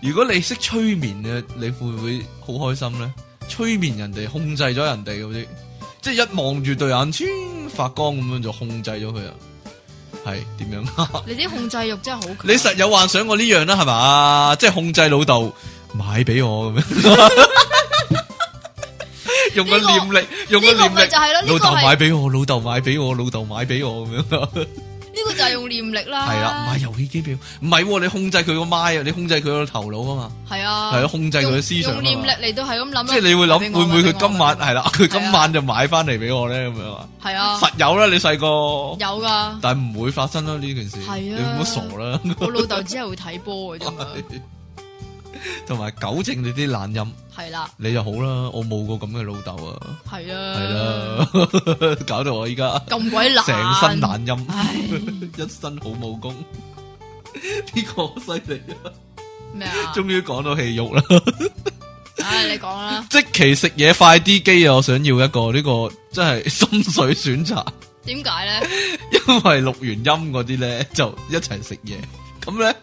如果你識催眠嘅，你會唔會好開心咧？催眠人哋，控制咗人哋啲，即係一望住對眼，天發光咁樣就控制咗佢啊！係點樣？你啲控制欲真係好強。你實有幻想過呢樣啦，係嘛？即係控制老豆買俾我咁樣， 用個念力，這個、用個念力個是就係咯。老豆買俾我,我，老豆買俾我，老豆買俾我咁樣。 呢個就係用念力啦，係啦，唔係遊戲機票，唔係，你控制佢個麥，你控制佢個頭腦啊嘛，係啊，係啊，控制佢嘅思想，用念力嚟都係咁諗，即係你會諗會唔會佢今晚係啦，佢今晚就買翻嚟俾我咧咁樣，係啊，實有啦，你細個有噶，但係唔會發生啦呢件事，係啊，你唔好傻啦，我老豆只係會睇波嘅啫。同埋糾正你啲懶音，係啦，你就好啦，我冇個咁嘅老豆啊，係啊，係啦，搞到我依家咁鬼懶，成身懶音，唉，一身好武功，呢個犀利啊，咩啊，終於講到戲肉啦，唉，你講啦，即其食嘢快啲機啊，我想要一個呢個真係心水選擇，點解咧？因為錄完音嗰啲咧就一齊食嘢，咁咧。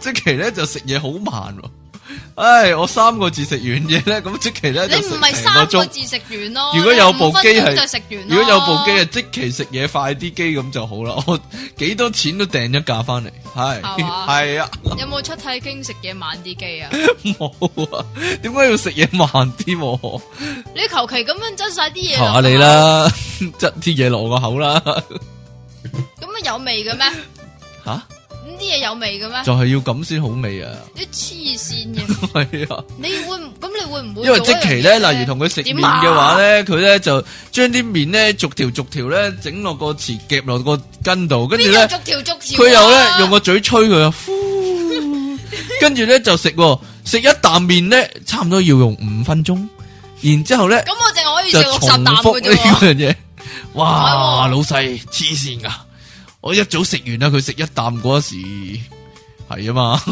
積淇咧就食嘢好慢，唉，我三個字食完嘢咧，咁積淇咧你唔係三個字食完咯？如果有部機係，完如果有部機係積淇食嘢快啲機咁就好啦。我幾多錢都訂咗架翻嚟，係係嗎啊。有冇出體經食嘢慢啲機啊？冇 啊，點解要食嘢慢啲？ 你求其咁樣執晒啲嘢，下你啦，執啲嘢落個口啦。咁 咪有味嘅咩？吓、 啊？啲嘢有味嘅咩？就係要咁先好味啊！啲黐線嘅，係啊！你會咁？你會唔會？因為積淇咧，例如同佢食麵嘅話咧，佢咧就將啲麵咧逐條逐條咧整落個匙夾落個羹度，跟住咧逐條逐條。佢又咧用個嘴吹佢，啊！跟住咧就食，食一啖麵咧，差唔多要用五分鐘，然之後咧，咁我淨可以食十啖嘢？哇，老細黐線噶！我一早食完啦，佢食一啖嗰時係啊嘛，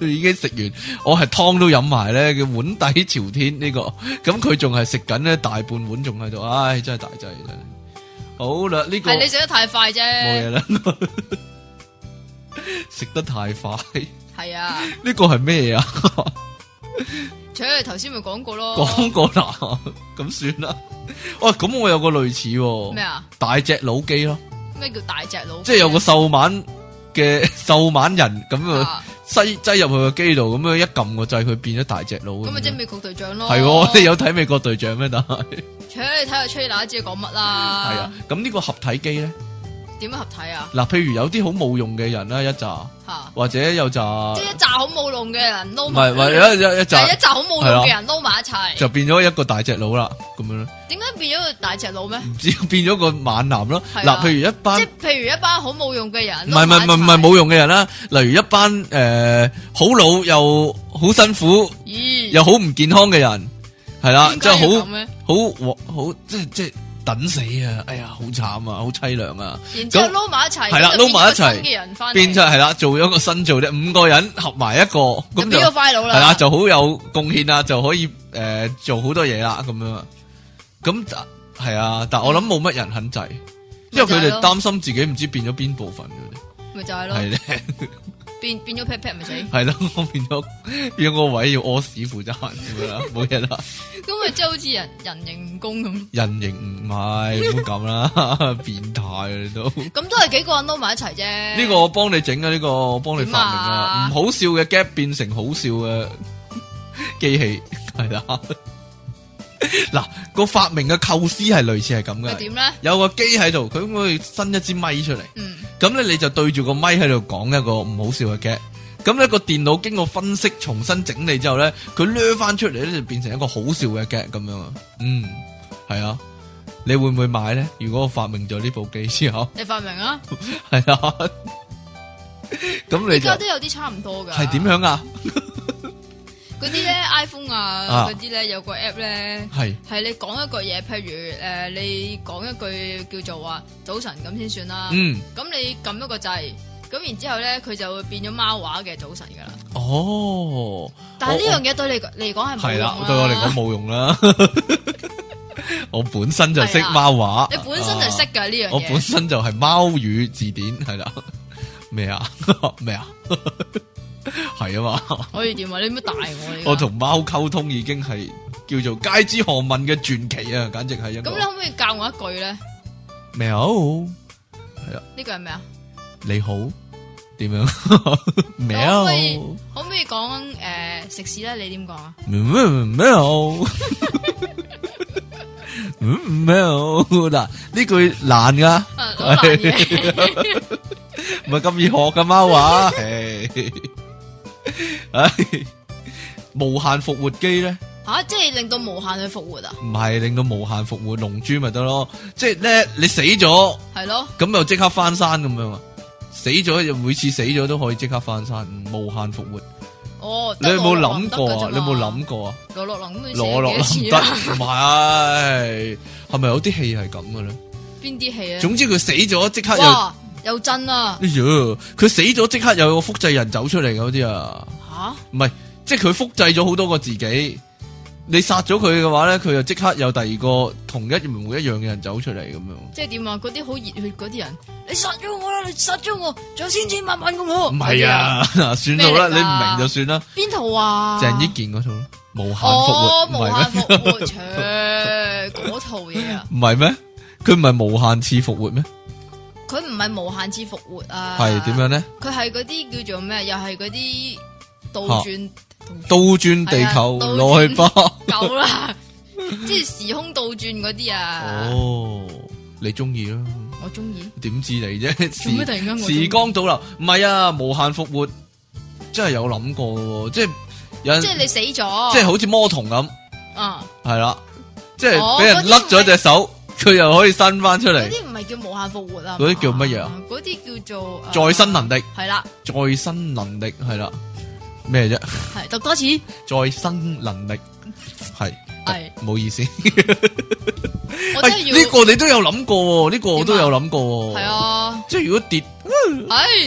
已經食完。我係湯都飲埋咧，碗底朝天呢、這個。咁佢仲係食緊咧，大半碗仲喺度。唉，真係大劑真係。好啦，呢、這個係你食得太快啫，冇嘢啦。食 得太快，係啊？呢 個係咩 過 算 啊？除咗你頭先咪講過咯，講過啦，咁算啦。喂，咁我有個類似、哦，咩啊麼？大隻老機咯。咩叫大隻佬？即係有個瘦蜢嘅 瘦蜢人咁樣，西擠入去個機度，咁樣一撳個掣，佢變咗大隻佬。咁咪即係美國隊長咯？係、 嗯，你有睇美國隊長咩？但 係除咗你睇下吹 h e c 哪知講乜啦？係啊，咁呢個合體機咧？點樣合體啊？嗱，譬如有啲好冇用嘅人啦，一扎，或者有扎，即係一扎好冇用嘅人撈埋，或者一扎一扎好冇用嘅人撈埋一齊，就變咗一個大隻佬啦，咁樣咯。點解變咗個大隻佬咩？唔知變咗個猛男咯。嗱，譬如一班即係譬如一班好冇用嘅人，唔係唔係唔係冇用嘅人啦，例如一班誒好老又好辛苦又好唔健康嘅人，係啦，即係好好好即係即係。等死啊！哎呀，好慘啊，好淒涼啊！然之後撈埋一齊，係啦那，撈埋一齊嘅人翻，變咗係啦，做咗個新造嘅，五個人合埋一個，咁變咗快係啦，就好有貢獻啦，就可以誒、呃、做好多嘢啦，咁樣。咁係啊，但我諗冇乜人肯制，嗯、因為佢哋擔心自己唔知變咗邊部分，咪就係咯。了 變變咗 pat pat 咪死係咯，我、就是、 變咗變個位要屙屎負責咁樣啦，每日啦。咁咪即係好似人人形蜈蚣咁，人形唔係咁啦， 變態你都。咁 都係幾個人撈埋一齊啫。呢個我幫你整啊，呢、這個我幫你發明啊，唔好笑嘅 gap 變成好笑嘅機器係啦。 是的 嗱，個發明嘅構思係類似係咁嘅，點咧？有個機喺度，佢會伸一支咪出嚟，咁咧、嗯、你就對住個咪喺度講一個唔好笑嘅 gag，咁咧個電腦經過分析、重新整理之後咧，佢掠翻出嚟咧就變成一個好笑嘅 gag 咁樣啊。嗯，係啊，你會唔會買咧？如果我發明咗呢部機之後，你發明啊？係 是啊，咁 你而家都有啲差唔多噶，係點樣啊？ 嗰啲咧 iPhone 啊，嗰啲咧有個 app 咧，係係是你講一句嘢，譬如誒、呃，你講一句叫做話早晨咁先算啦。嗯，咁你撳一個掣，咁然之後咧，佢就會變咗貓話嘅早晨噶啦。哦，但係呢樣嘢對你嚟講係冇用。係啦，對我嚟講冇用啦。 我本身就識貓話，你本身就識噶呢樣嘢。啊啊、我本身就係貓語字典係啦，咩啊咩啊？ 什麼 什麼 係啊嘛，可以點啊？你乜大我？我同貓溝通已經係叫做街知巷聞嘅傳奇啊，簡直係一個。咁你可唔可以教我一句咧？喵，係啊。呢句係咩啊？你好，點樣？喵，可唔可以講誒食屎咧？你點講啊？喵，喵，嗱呢句難噶，唔係咁易學噶貓話。唉， 無限復活機咧吓，即係令到無限去復活啊？唔係令到無限復活，龍珠咪得咯？即係咧，你死咗係咯，咁又即刻翻山咁樣啊？死咗就每次死咗都可以即刻翻山，無限復活。哦，你有冇諗過啊？已你有冇諗過啊？羅洛林咁，羅洛林得，你死咗幾多錢啊？唔係，係咪有啲戲係咁嘅咧？邊啲戲啊？總之佢死咗即刻又。又真啊！佢、哎、死咗即刻有個複製人走出嚟嗰啲啊！吓蛤，唔係，即係佢複製咗好多個自己。你殺咗佢嘅話咧，佢又即刻有第二個同一模一樣嘅人走出嚟咁樣。即係點啊？嗰啲好熱血嗰啲人，你殺咗我啦，你殺咗我，仲有千千萬萬個我唔係啊！嗱、啊，算啦，啊、你唔明就算啦。邊套啊？鄭伊健嗰套咯，無限復活，哦、無限復活，嗰套嘢啊！唔係咩？佢唔係無限次復活咩？佢唔係無限次復活啊！係點樣咧？佢係嗰啲叫做咩？又係嗰啲倒轉倒轉地球內包，夠啦！即係時空倒轉嗰啲啊！哦，你中意咯？我中意。點知你啫？做咩突然間？時光倒流唔係啊！無限復活真係有諗過，即係有人即係你死咗，即係好似魔童咁啊！係啦，即係俾人甩咗隻手。佢又可以生翻出嚟，嗰啲唔係叫無限復活啊，嗰啲叫乜嘢啊？嗰啲叫做再生能力，係啦的，再生能力係啦，咩啫？係讀多次再生能力係。係冇意思，呢個你都有諗過，呢個我都有諗過。係啊，即係如果跌，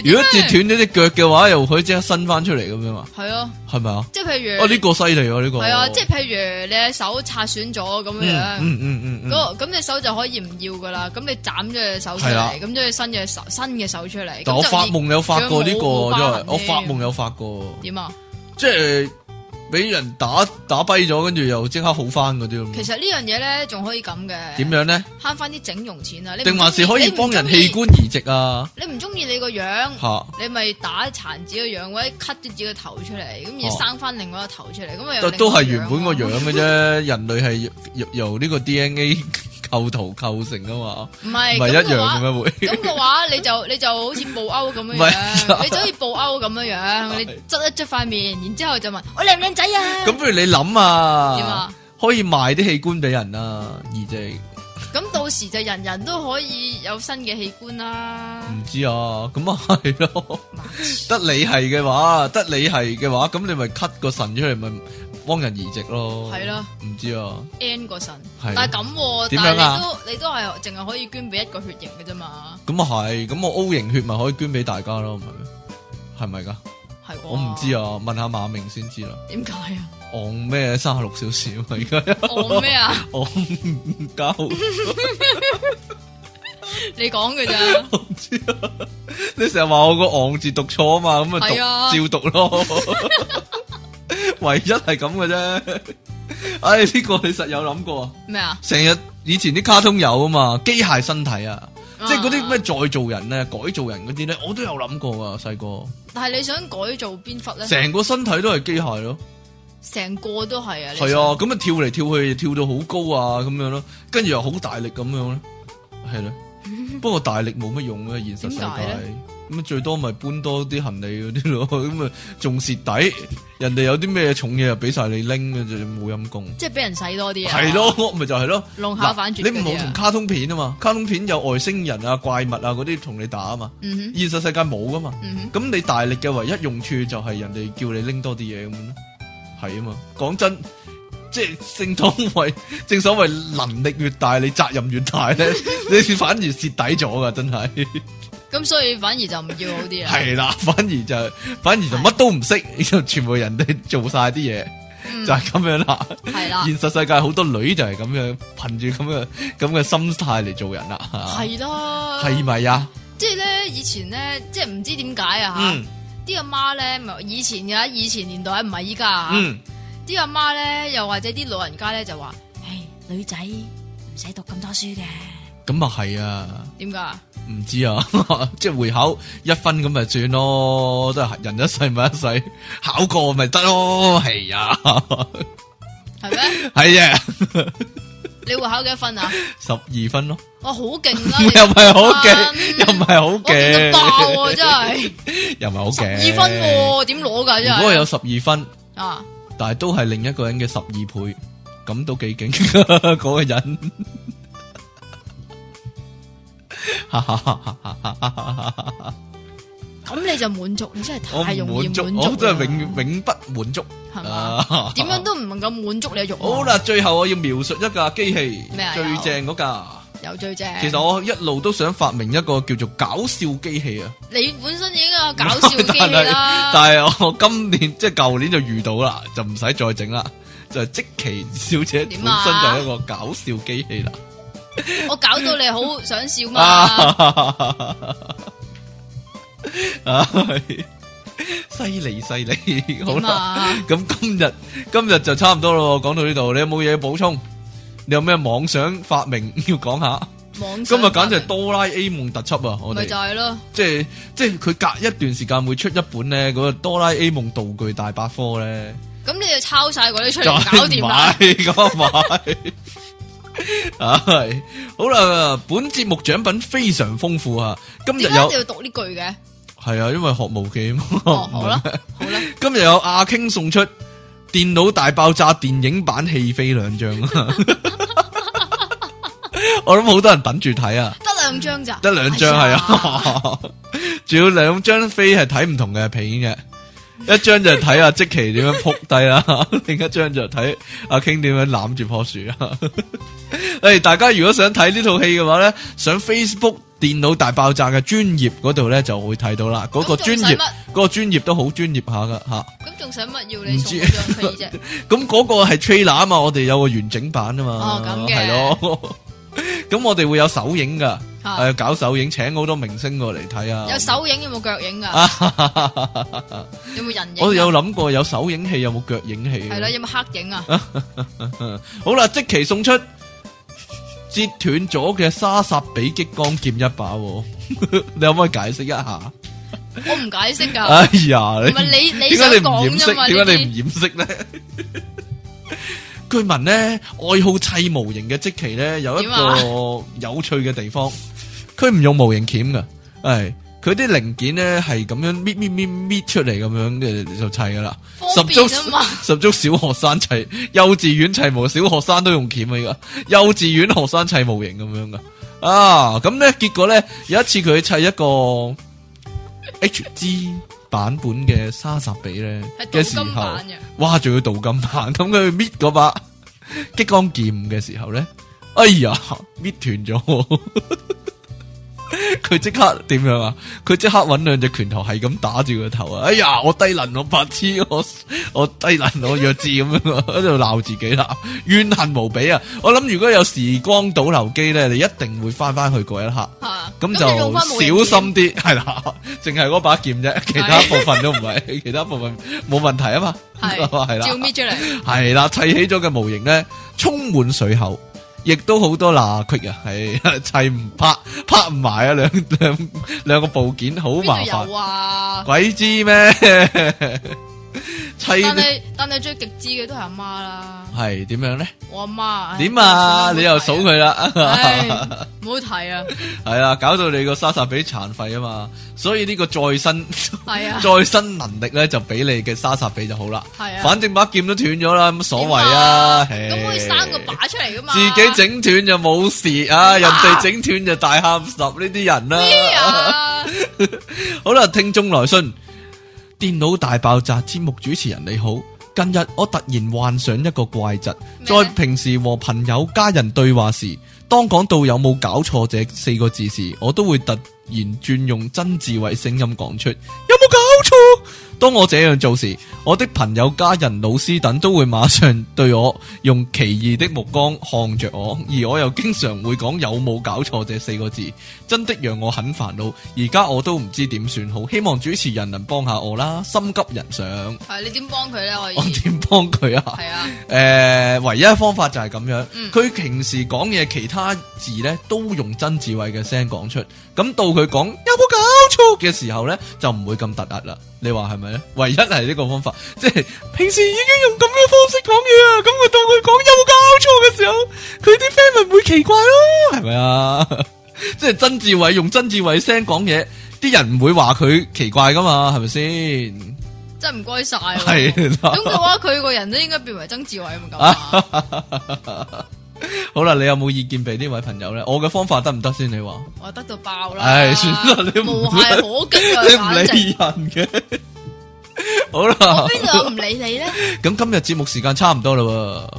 如果跌斷咗隻腳嘅話，又可以即刻伸翻出嚟咁樣嘛？係啊，係咪啊？即係譬如，哦呢個犀利喎呢個，係啊，即係譬如你手擦損咗咁樣，嗯嗯嗯，咁咁隻手就可以唔要噶啦，咁你斬咗隻手出嚟，咁將佢伸隻新嘅手出嚟。但我發夢有發過呢個，我發夢有發過。點啊？即係。俾人打打跛咗，跟住又即刻好翻嗰啲。其實樣，呢樣嘢咧，仲可以咁嘅。樣呢點樣咧？慳翻啲整容錢啊！定還是可以幫人器官移植啊？你唔中意你個樣，你咪、啊、打殘子個樣，或者 cut 掉子個頭出嚟，咁而、啊、生翻另外一個頭出嚟，咁啊？啊都都係原本個樣嘅啫。 人類係由由呢個 DNA。 構圖構成啊嘛，唔係唔係一樣咩會？咁嘅話 你就你就好似布歐咁樣，你就好似布歐咁樣樣， 是你執一執塊面，然之後就問 我靚唔靚仔啊？咁不如你諗啊，啊可以賣啲器官俾人啦、啊，二即係，咁到時就人人都可以有新嘅器官啦。唔知啊，咁啊 係咯，得你係嘅話，得你係嘅話，咁你咪 cut 個腎出嚟咪？幫人移植咯，係咯，唔知啊。N 個腎，但係咁，但係你都你都係淨係可以捐俾一個血型嘅啫嘛。咁啊係，咁我 O 型血咪可以捐俾大家咯，係咪？係咪噶？係我唔知啊，問下馬明先知啦。點解啊？昂咩三十六小時啊？而家昂咩啊？昂唔教。你講嘅啫。你成日話我個昂字讀錯啊嘛，咁咪照讀咯。唯一係咁嘅啫，哎，呢個你實有諗過啊咩啊？成日以前啲卡通有啊嘛，機械身體啊，即係嗰啲咩再造人啊、改造人嗰啲咧，我都有諗過啊細個。但係你想改造邊忽咧？成個身體都係機械咯，成個都係啊。係啊，咁啊跳嚟跳去，跳到好高啊，咁樣咯，跟住又好大力咁樣咧，係咧。不過大力冇乜用啊，現實世界。咁最多咪搬多啲行李嗰啲 咯，咁啊仲蝕底。人哋有啲咩重嘢又俾晒你拎嘅，就冇陰功。即係俾人使多啲。係咯，我咪就係咯，弄巧反拙。你唔好同卡通片啊嘛，啊卡通片有外星人啊、怪物啊嗰啲同你打啊嘛。嗯哼。現實世界冇噶嘛。嗯哼。咁你大力嘅唯一用處就係人哋叫你拎多啲嘢咁咯。係啊嘛。講真，即係正所謂，正所謂能力越大，你責任越大咧。你反而蝕底咗噶，真係。咁所以反而就唔要好啲啊！係啦，反而就反而就乜都唔識，的就全部人哋做晒啲嘢，嗯、就係咁樣啦。係啦的，現實世界好多女就係咁樣，憑住咁樣咁嘅心態嚟做人啦。係咯的，係咪啊？即係咧，以前咧，即係唔知點解啊吓！啲阿媽咧，以前嘅，以前年代唔係依家啊。啲阿媽咧，又或者啲老人家咧，就話，誒，女仔唔使讀咁多書嘅。咁啊係啊，點解啊？唔知啊，即係會考一分咁咪算咯，都係人一世咪一世，考過咪得咯，係啊，係咩？係啊，你會考幾多分啊？十二分咯。哇，好勁啦！又唔係好勁，又唔係好勁，哇勁到爆啊！真係又唔係好勁。十二分點攞噶啫？如果係有十二分啊，但係都係另一個人嘅十二倍，咁都幾勁嗰個人。哈哈哈！咁你就滿足，你真係太容易滿足，我真係永遠永不滿足，係嘛？點樣都唔能夠滿足你嘅欲望。好啦，最後我要描述一架機器，最正嗰架有最正。其實我一路都想發明一個叫做搞笑機器啊。你本身已經個搞笑機器啦，但係我今年即係舊年就遇到啦，就唔使再整啦，就積淇小姐本身就係一個搞笑機器啦。 我搞到你好想笑嘛！啊，犀利犀利，樣 好啦。咁今日今日就差唔多咯，講到呢度，你有冇嘢補充？你有咩妄想發明要講下？妄想今日簡直係哆啦 A 夢特輯啊！我哋咪就係咯，即係即係佢隔一段時間會出一本咧，嗰、那個哆啦 A 夢道具大百科咧。咁你就抄晒嗰啲出嚟搞掂啦。咁咪？那個 啊，係好啦！本節目獎品非常豐富啊！今日有要讀呢句嘅，係啊，因為學無忌。好啦、哦，好啦，好，今日有阿 King 送出《電腦大爆炸》電影版戲飛兩張，我諗好多人等住睇啊！得兩張咋？得兩張係啊，仲要兩張飛係睇唔同嘅片嘅。 一張就睇阿積淇點樣撲低啦， 另一張就睇阿 King 點樣攬住棵樹啊！誒， 大家如果想睇呢套戲嘅話咧，上 Facebook 電腦大爆炸嘅專業嗰度咧就會睇到啦。嗰、那個專業，嗰、那個專業、那個、業都好專業下噶吓。咁仲想乜要你重佢啫？咁嗰、嗯嗯那個係 trailer 啊嘛，我哋有個完整版啊嘛。哦，咁嘅。係咯。咁、嗯、我哋會有首映噶。係搞首映，請好多明星過嚟睇啊！有首映有冇腳影噶？有冇人影？我有諗過有首映戲，有冇腳影戲？係啦，有冇黑影啊？好啦，積淇送出截斷咗嘅沙薩比激光劍一把，你可唔可以解釋一下？我唔解釋噶。哎呀，唔係你，你點解你唔掩飾？點解你唔掩飾咧？據聞咧，愛好砌模型嘅積淇咧有一個有趣嘅地方。佢唔用模型鉗噶，係佢啲零件咧係咁樣搣搣搣搣出嚟，咁樣嘅就砌噶啦，方便 十足，十足小學生砌， 幼稚園砌模，小學生都用鉗啊。而家幼稚園學生砌模型咁樣噶啊，咁咧結果咧有一次佢砌一個 HG 版本嘅沙薩比咧嘅時候，哇，仲要鍍金版，咁佢搣嗰把激光劍嘅時候咧，哎呀，搣斷咗。 佢即 刻點樣啊？佢即刻搵兩隻拳頭係咁打住個頭啊！哎呀，我低能，我白痴，我我低能，我弱智咁樣喺度鬧自己啦，怨恨無比啊！我諗如果有時光倒流機咧，你一定會翻翻去嗰一刻，咁、啊、麼就小心啲係啦。淨係嗰把劍啫，其他部分都唔係， 其他部分冇問題啊嘛。係啦、 啊，係啦，係啦、 啊，照搣出嚟，砌起咗嘅模型咧，充滿水口。亦都好多罅隙嘅，係砌唔拍，拍唔埋啊！兩兩兩個部件好 麻煩，啊、鬼知咩？ 但係但係最極致嘅都係阿媽啦，係點樣咧？我阿媽點啊？你又數佢啦？唔好睇啊！係啊，搞到你個莎莎比殘廢啊嘛！所以呢個再生係啊，再生能力咧就俾你嘅莎莎比就好啦。係啊，反正把劍都斷咗啦，冇所謂啊。咁可以生個把出嚟噶嘛？自己整斷就冇事啊，人哋整斷就大喊十呢啲人啦。好啦，聽眾來信。電腦大爆炸節目主持人你好，近日我突然幻想一個怪疾，么在平時和朋友家人對話時，當講到有冇搞錯這四個字時，我都會突然轉用曾志偉聲音講出有冇搞錯。當我這樣做時，我的朋友、家人、老師等都會馬上對我用奇異的目光看着我，而我又經常會講有冇搞錯這四個字，真的讓我很煩惱。而家我都唔知點算好，希望主持人能幫下我啦。心急人上，係、啊、你點幫佢咧？我點幫佢啊？係啊、呃，唯一方法就係咁樣。佢、嗯、平時講嘢，其他字呢都用曾志偉嘅聲講出。咁到佢講有冇搞錯嘅時候咧，就唔會咁突兀啦。你話係咪咧？唯一係呢個方法，即係平時已經用咁樣方式講嘢啊。咁我當佢講有冇搞錯嘅時候，佢啲 friend 咪唔會奇怪咯，係咪啊？ 即係曾志偉用曾志偉聲講嘢，啲人唔會話佢奇怪噶嘛，係咪先？真係唔該晒。係咁嘅話，佢個人都應該變為曾志偉啊咁好啦，你有冇意見俾呢位朋友咧？我嘅方法得唔得先？你話我得就爆啦！唉，算啦，你無限可敬，你唔理人嘅。人 好啦，邊度我唔理你咧？咁今日節目時間差唔多啦，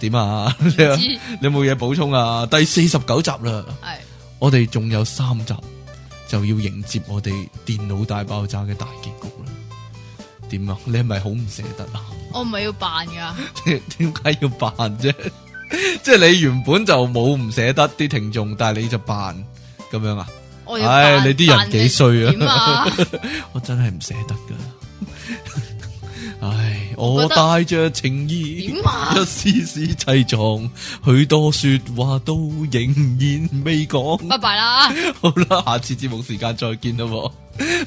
點啊你？你有冇嘢補充啊？第四十九集啦，是我哋仲有三集就要迎接我哋電腦大爆炸嘅大結局啦。點啊？你係咪好唔捨得啊？我唔係要扮噶，點解 要扮啫？即係你原本就冇唔捨得啲聽眾，但係你就扮咁樣啊？唉，你啲人幾衰啊！我真係唔捨得噶。 唉，我帶着情意，啊、一絲絲淒愴，許多說話都仍然未講。拜拜啦，好啦，下次節目時間再見啦，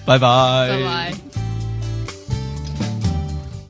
拜拜。Bye bye bye bye.